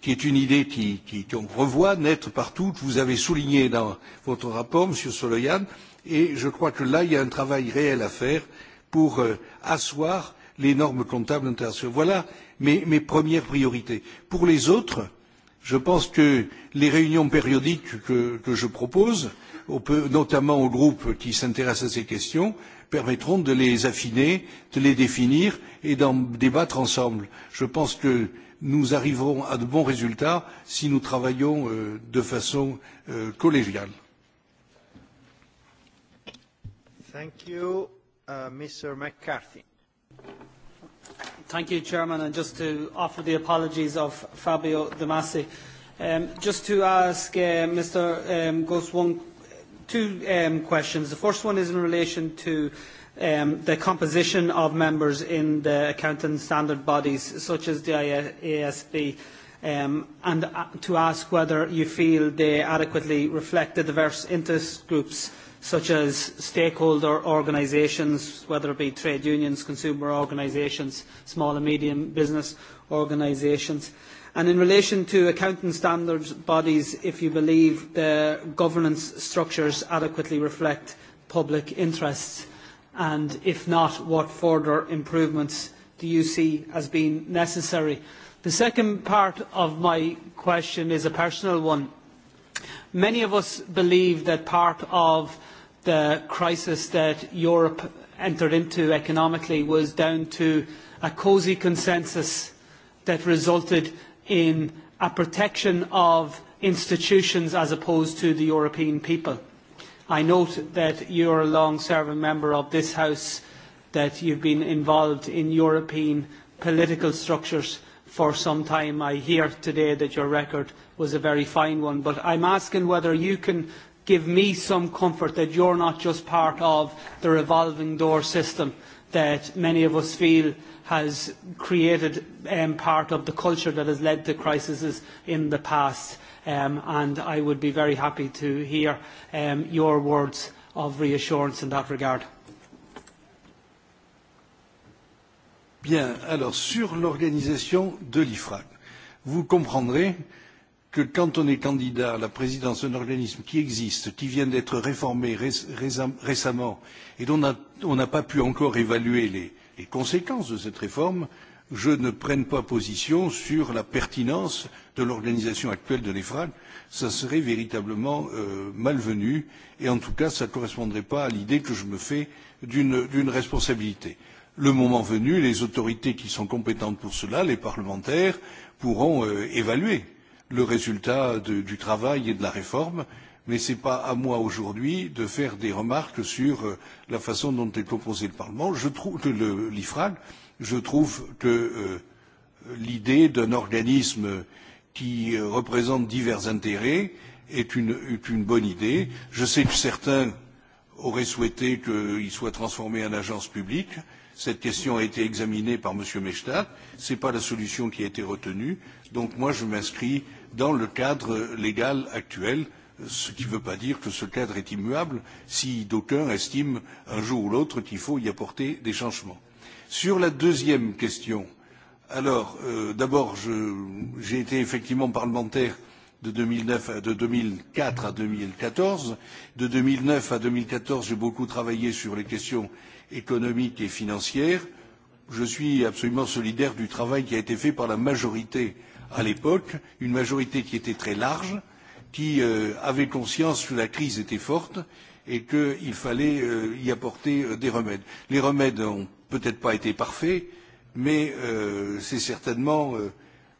qui est une idée qui, qui, qu'on revoit naître partout, que vous avez souligné dans votre rapport, Monsieur Soloyan, et je crois que là, il y a un travail réel à faire pour euh, asseoir les normes comptables internationales. Voilà mes, mes premières priorités. Pour les autres, je pense que les réunions périodiques que, que je propose, notamment aux groupes qui s'intéressent à ces questions, permettront de les affiner, de les définir et d'en débattre ensemble. Je pense que nous arriverons à de bons résultats si nous travaillons euh, de façon euh, collégiale. Thank you, uh, Mr. McCarthy. Thank you, Chairman, and just to offer the apologies of Fabio De Masi. Um, just to ask uh, Mr. Um, Goswong two um, questions. The first one is in relation to um, the composition of members in the accounting standard bodies, such as the ASB, um, and uh, to ask whether you feel they adequately reflect the diverse interest groups such as stakeholder organisations, whether it be trade unions, consumer organisations, small and medium business organisations. And in relation to accounting standards bodies, if you believe the governance structures adequately reflect public interests, and if not, what further improvements do you see as being necessary? The second part of my question is a personal one Many of us believe that part of the crisis that Europe entered into economically was down to a cosy consensus that resulted in a protection of institutions as opposed to the European people. I note that you are a long-serving member of this House, that you've been involved in European political structures for some time. I hear today that your record was a very fine one. But I'm asking whether you can give me some comfort that you're not just part of the revolving door system that many of us feel has created um, part of the culture that has led to crises in the past. Um, and I would be very happy to hear um, your words of reassurance in that regard. Bien, alors sur l'organisation de l'IFRAC, vous comprendrez euh, que quand on est candidat à la présidence d'un organisme qui existe, qui vient d'être réformé ré récemment et dont on n'a pas pu encore évaluer les, les conséquences de cette réforme, je ne prenne pas position sur la pertinence de l'organisation actuelle de l'EFRAG. Ça serait véritablement euh, malvenu et en tout cas, ça ne correspondrait pas à l'idée que je me fais d'une responsabilité. Le moment venu, les autorités qui sont compétentes pour cela, les parlementaires, pourront euh, évaluer le résultat de, du travail et de la réforme, mais ce n'est pas à moi aujourd'hui de faire des remarques sur euh, la façon dont est composé le Parlement, je trouve le l'IFRAG, je trouve que euh, l'idée d'un organisme qui euh, représente divers intérêts est une, est une bonne idée. Je sais que certains auraient souhaité qu'il soit transformé en agence publique. Cette question a été examinée par M. Mechtat. Ce n'est pas la solution qui a été retenue. Donc moi, je m'inscris dans le cadre légal actuel, ce qui ne veut pas dire que ce cadre est immuable si d'aucuns estiment un jour ou l'autre qu'il faut y apporter des changements. Sur la deuxième question, alors euh, d'abord j'ai été effectivement parlementaire de, 2009, de 2004 à 2014. De 2009 à 2014, j'ai beaucoup travaillé sur les questions économiques et financières. Je suis absolument solidaire du travail qui a été fait par la majorité euh, à l'époque une majorité qui était très large, qui euh, avait conscience que la crise était forte et qu'il fallait euh, y apporter euh, des remèdes. Les remèdes n'ont peut-être pas été parfaits, mais euh, c'est certainement euh,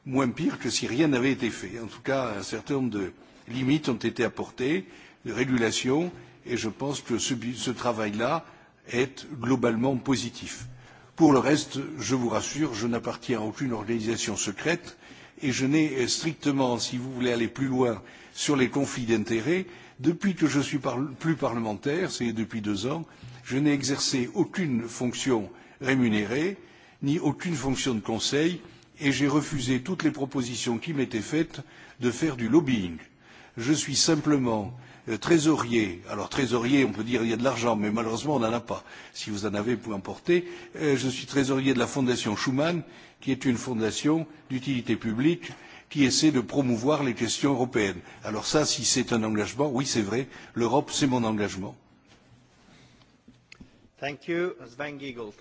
moins pire que si rien n'avait été fait. En tout cas, un certain nombre de limites ont été apportées, de régulations, et je pense que ce, ce travail-là est globalement positif. Pour le reste, je vous rassure, je n'appartiens à aucune organisation secrète et je n'ai euh, strictement, si vous voulez aller plus loin sur les conflits d'intérêts, depuis que je suis par, plus parlementaire, c'est depuis deux ans, je n'ai exercé aucune fonction rémunérée, ni aucune fonction de conseil, et j'ai refusé toutes les propositions qui m'étaient faites de faire du lobbying. Je suis simplement euh, trésorier. Alors trésorier, on peut dire il y a de l'argent, mais malheureusement on n'en a pas. Si vous en avez, vous pouvez en porter. Euh, je suis trésorier de la Fondation Schuman qui est une fondation d'utilité publique qui essaie de promouvoir les questions européennes. Alors ça, si c'est un engagement, oui, c'est vrai, l'Europe, c'est mon engagement. Thank you. Sven Giegold.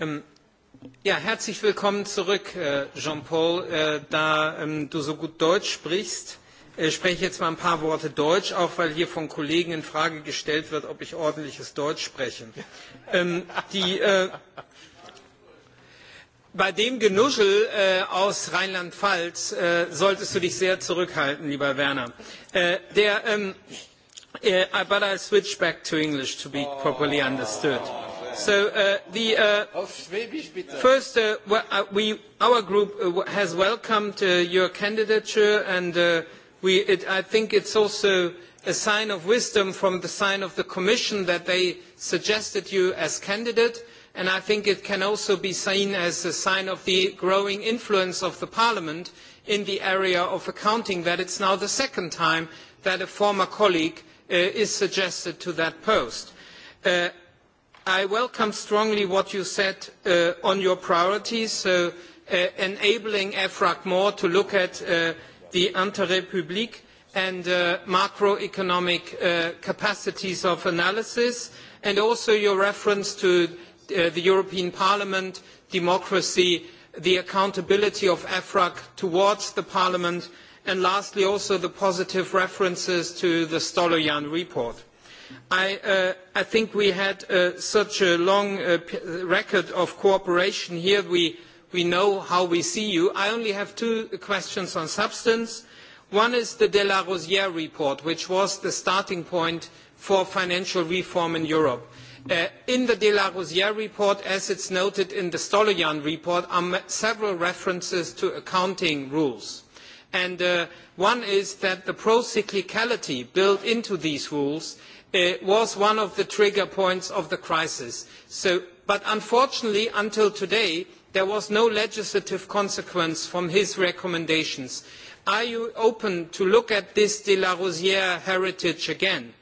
Um, ja, herzlich willkommen zurück, äh, Jean-Paul. Äh, da um, du so gut Deutsch sprichst, äh, spreche ich jetzt mal ein paar Worte Deutsch, auch weil hier von Kollegen in Frage gestellt wird, ob ich ordentliches Deutsch spreche. Um, die, uh, Bei dem Genuschel äh, aus Rheinland-Pfalz äh, solltest du dich sehr zurückhalten, lieber Werner. Äh, der, ähm, uh, but I switch back to English to be properly understood. So uh, the uh, first, uh, uh, we, our group uh, has welcomed uh, your candidature, and uh, we, it, I think it's also a sign of wisdom from the sign of the Commission that they suggested you as candidate and I think it can also be seen as a sign of the growing influence of the Parliament in the area of accounting that it's now the second time that a former colleague uh, is suggested to that post. Uh, I welcome strongly what you said uh, on your priorities, so uh, enabling EFRAG more to look at uh, the intérêt public and uh, macroeconomic capacities of analysis and also your reference to uh, the European Parliament, democracy, the accountability of EFRAG towards the Parliament, and lastly also the positive references to the Stolojan report. I, uh, I think we had uh, such a long uh, record of cooperation here. We, we know how we see you. I only have two questions on substance. One is the De La Rosière report, which was the starting point for financial reform in Europe. Uh, in the De La Rosière report, as it's noted in the Stolojan report, are several references to accounting rules. And uh, one is that the pro-cyclicality built into these rules uh, was one of the trigger points of the crisis. So, but unfortunately, until today, there was no legislative consequence from his recommendations. Are you open to look at this De La Rosière heritage again?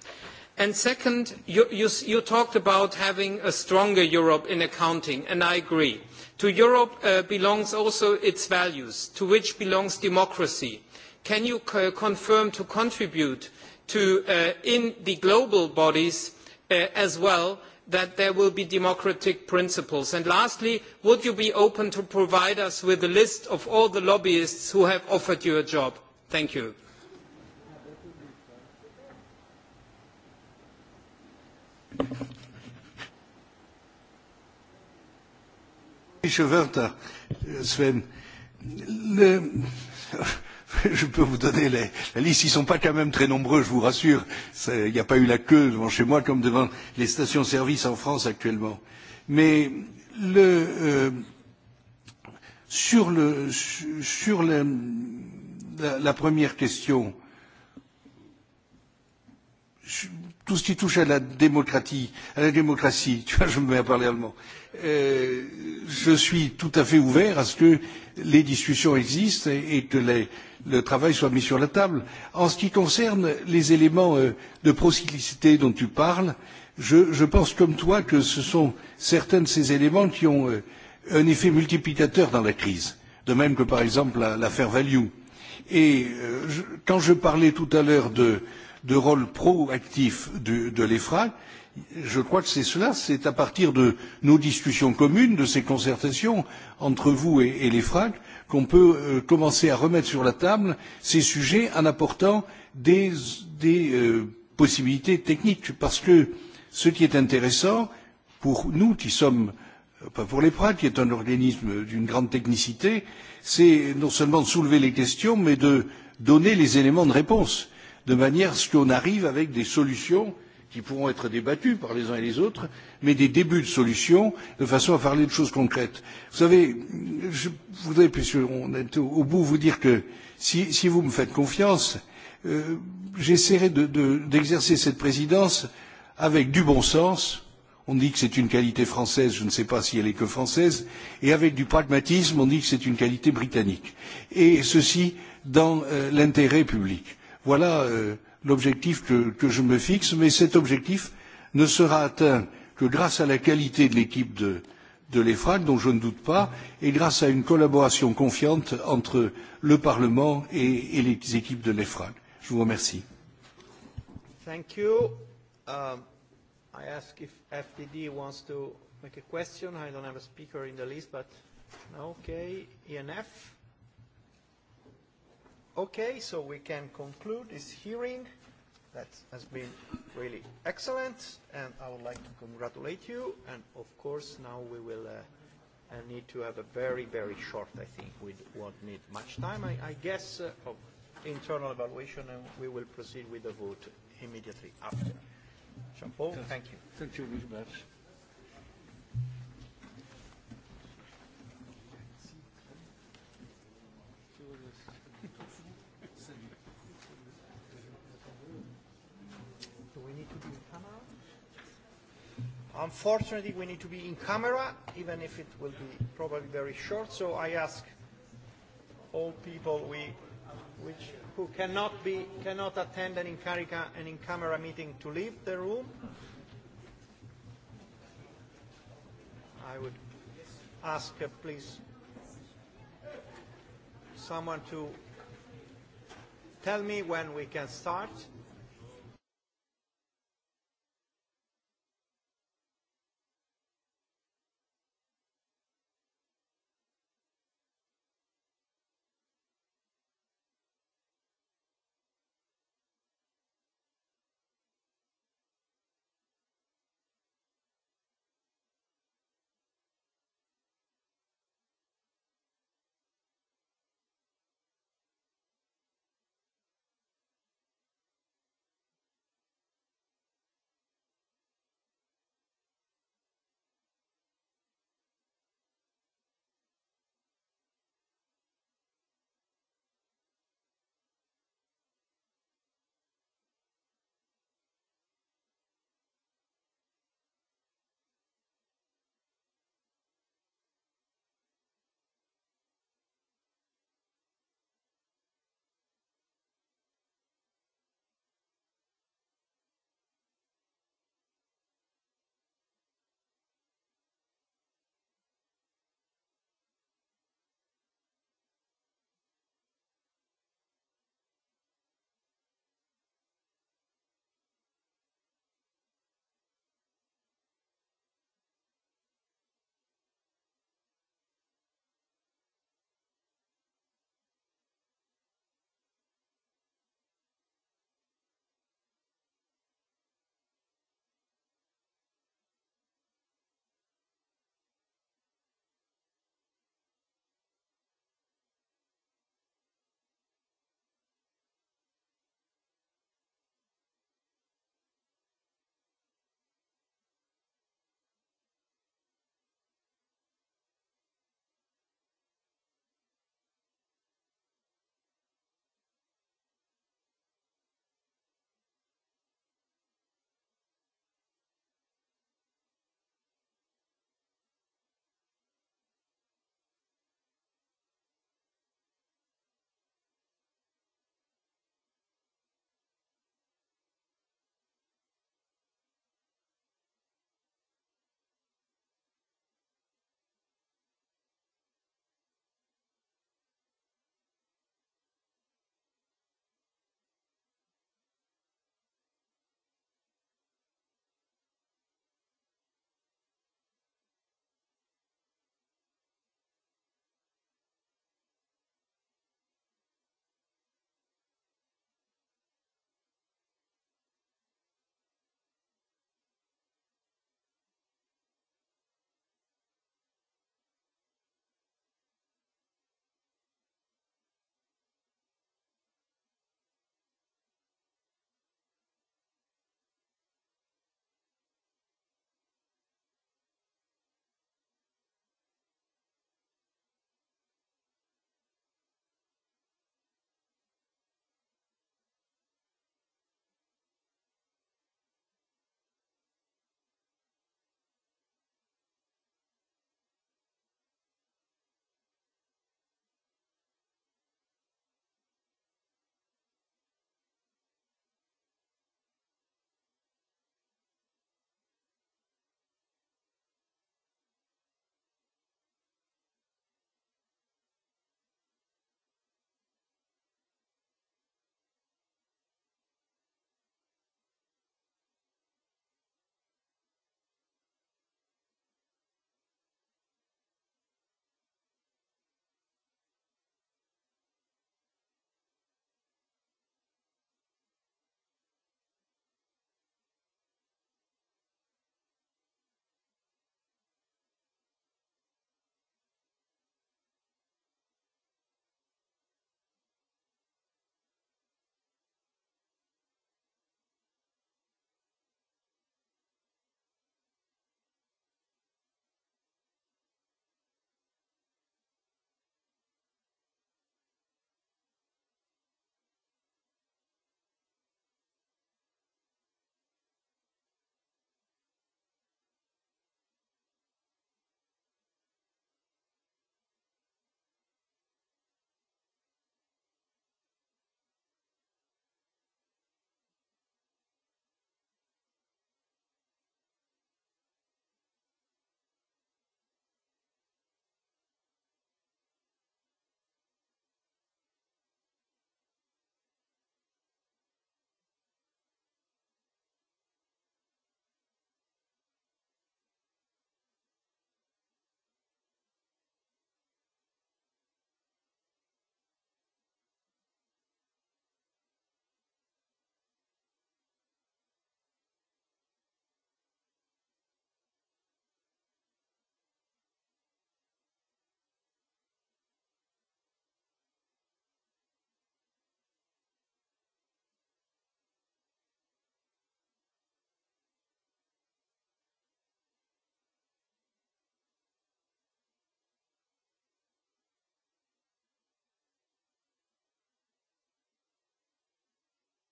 And second, you, talked about having a stronger Europe in accounting, and I agree. To Europe uh, belongs also its values, to which belongs democracy. Can you confirm to contribute to, uh, in the global bodies uh, as well, that there will be democratic principles? And lastly, would you be open to provide us with a list of all the lobbyists who have offered you a job? Thank you. Wörter, Sven. Le... Je peux vous donner les, la liste. Ils ne sont pas quand même très nombreux, je vous rassure. Il n'y a pas eu la queue devant chez moi comme devant les stations-service en France actuellement. Mais le, euh, sur, le, sur le, la, la première question, tout ce qui touche à la démocratie, à la démocratie, tu vois, je me mets à parler allemand. Euh, je suis tout à fait ouvert à ce que les discussions existent et, et que les, le travail soit mis sur la table. En ce qui concerne les éléments euh, de procyclicité dont tu parles, je, je pense comme toi que ce sont certains de ces éléments qui ont euh, un effet multiplicateur dans la crise, de même que par exemple l'affaire la, Value. Et euh, je, quand je parlais tout à l'heure de euh, de rôle proactif de, de l'EFRAG. Je crois que c'est cela, c'est à partir de nos discussions communes, de ces concertations entre vous et, et l'EFRAG, qu'on peut euh, commencer à remettre sur la table ces sujets en apportant des, des euh, possibilités techniques. Parce que ce qui est intéressant pour nous qui sommes euh, pas pour l'EFRAG, qui est un organisme d'une grande technicité, c'est non seulement de soulever les questions, mais de donner les éléments de réponse de manière à ce qu'on arrive avec des solutions qui pourront être débattues par les uns et les autres, mais des débuts de solutions de façon à parler de choses concrètes. Vous savez, je voudrais, puisqu'on est au bout, vous dire que si, si vous me faites confiance, euh, j'essaierai d'exercer de, cette présidence avec du bon sens, on dit que c'est une qualité française, je ne sais pas si elle est que française, et avec du pragmatisme, on dit que c'est une qualité britannique. Et ceci dans euh, l'intérêt public Voilà euh, l'objectif que, que je me fixe, mais cet objectif ne sera atteint que grâce à la qualité de l'équipe de, de l'EFRAC, dont je ne doute pas, et grâce à une collaboration confiante entre le Parlement et, et les équipes de l'EFRAC. Je vous remercie. Thank you. Um, I ask if FDD wants to make a question. I don't have a speaker in the list, but okay. ENF? Okay, so we can conclude this hearing. That has been really excellent, and I would like to congratulate you. And of course, now we will uh, uh need to have a very, very short, I think, we won't need much time, I, I guess, uh, of internal evaluation, and we will proceed with the vote immediately after. Jean-Paul, thank you. Thank you very much. Unfortunately, we need to be in camera, even if it will be probably very short. So I ask all people we, which, who cannot, be, cannot attend an in-camera an in meeting to leave the room. I would ask, uh, please, someone to tell me when we can start.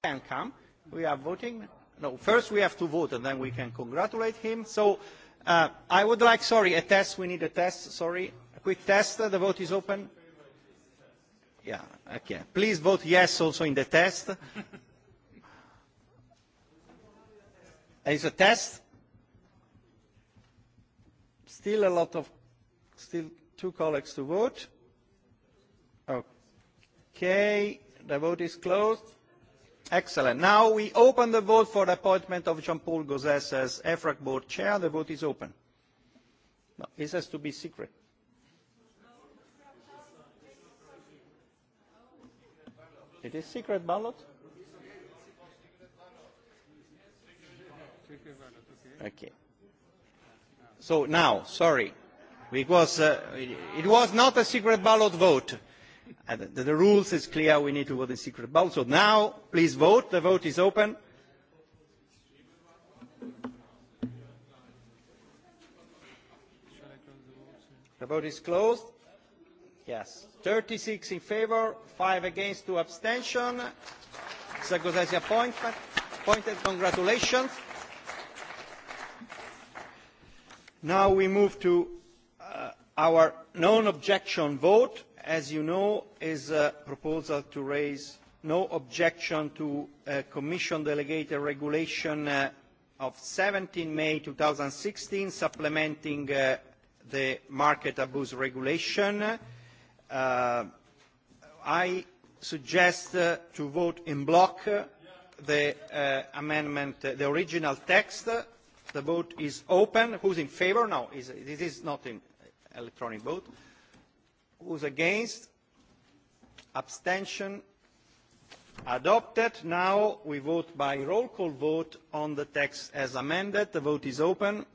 can come. We are voting. No, first we have to vote and then we can congratulate him. So uh, I would like, sorry, a test. We need a test, sorry. A quick test. The vote is open. Yeah, okay. Please vote yes also in the test. It's a test. Still a lot of, still two colleagues to vote. Okay, the vote is closed. Excellent. Now we open the vote for the appointment of Jean-Paul Gauzès as EFRAG Board Chair. The vote is open. No, this has to be secret. It is secret ballot? Okay. So now, sorry, it uh, it was not a secret ballot vote. Uh, the, the rules is clear. We need to vote in secret ballot. So now, please vote. The vote is open. The vote is closed. Yes. 36 in favor, 5 against, 2 abstention. Sarkozy's appointment. Appointed. Congratulations. Now we move to uh, our non-objection vote as you know, is a proposal to raise no objection to a Commission delegated regulation uh, of 17 May 2016 supplementing uh, the market abuse regulation. Uh, I suggest uh, to vote in block uh, the uh, amendment, uh, the original text. The vote is open. Who's in favour? No, is, this is not an uh, electronic vote. Who's against? Abstention? Adopted. Now we vote by roll call vote on the text as amended. The vote is open.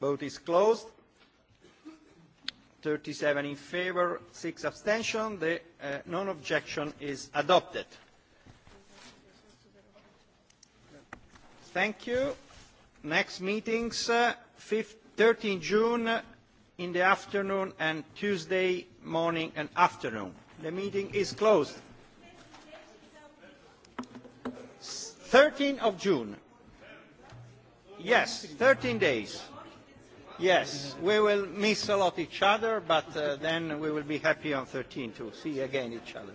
Vote is closed. 37 in favor, 6 abstention. The uh, non-objection is adopted. Thank you. Next meetings, uh, 15 13 June in the afternoon and Tuesday morning and afternoon. The meeting is closed. 13 of June. Yes, 13 days. Yes, we will miss a lot each other, but uh, then we will be happy on 13 to see again each other.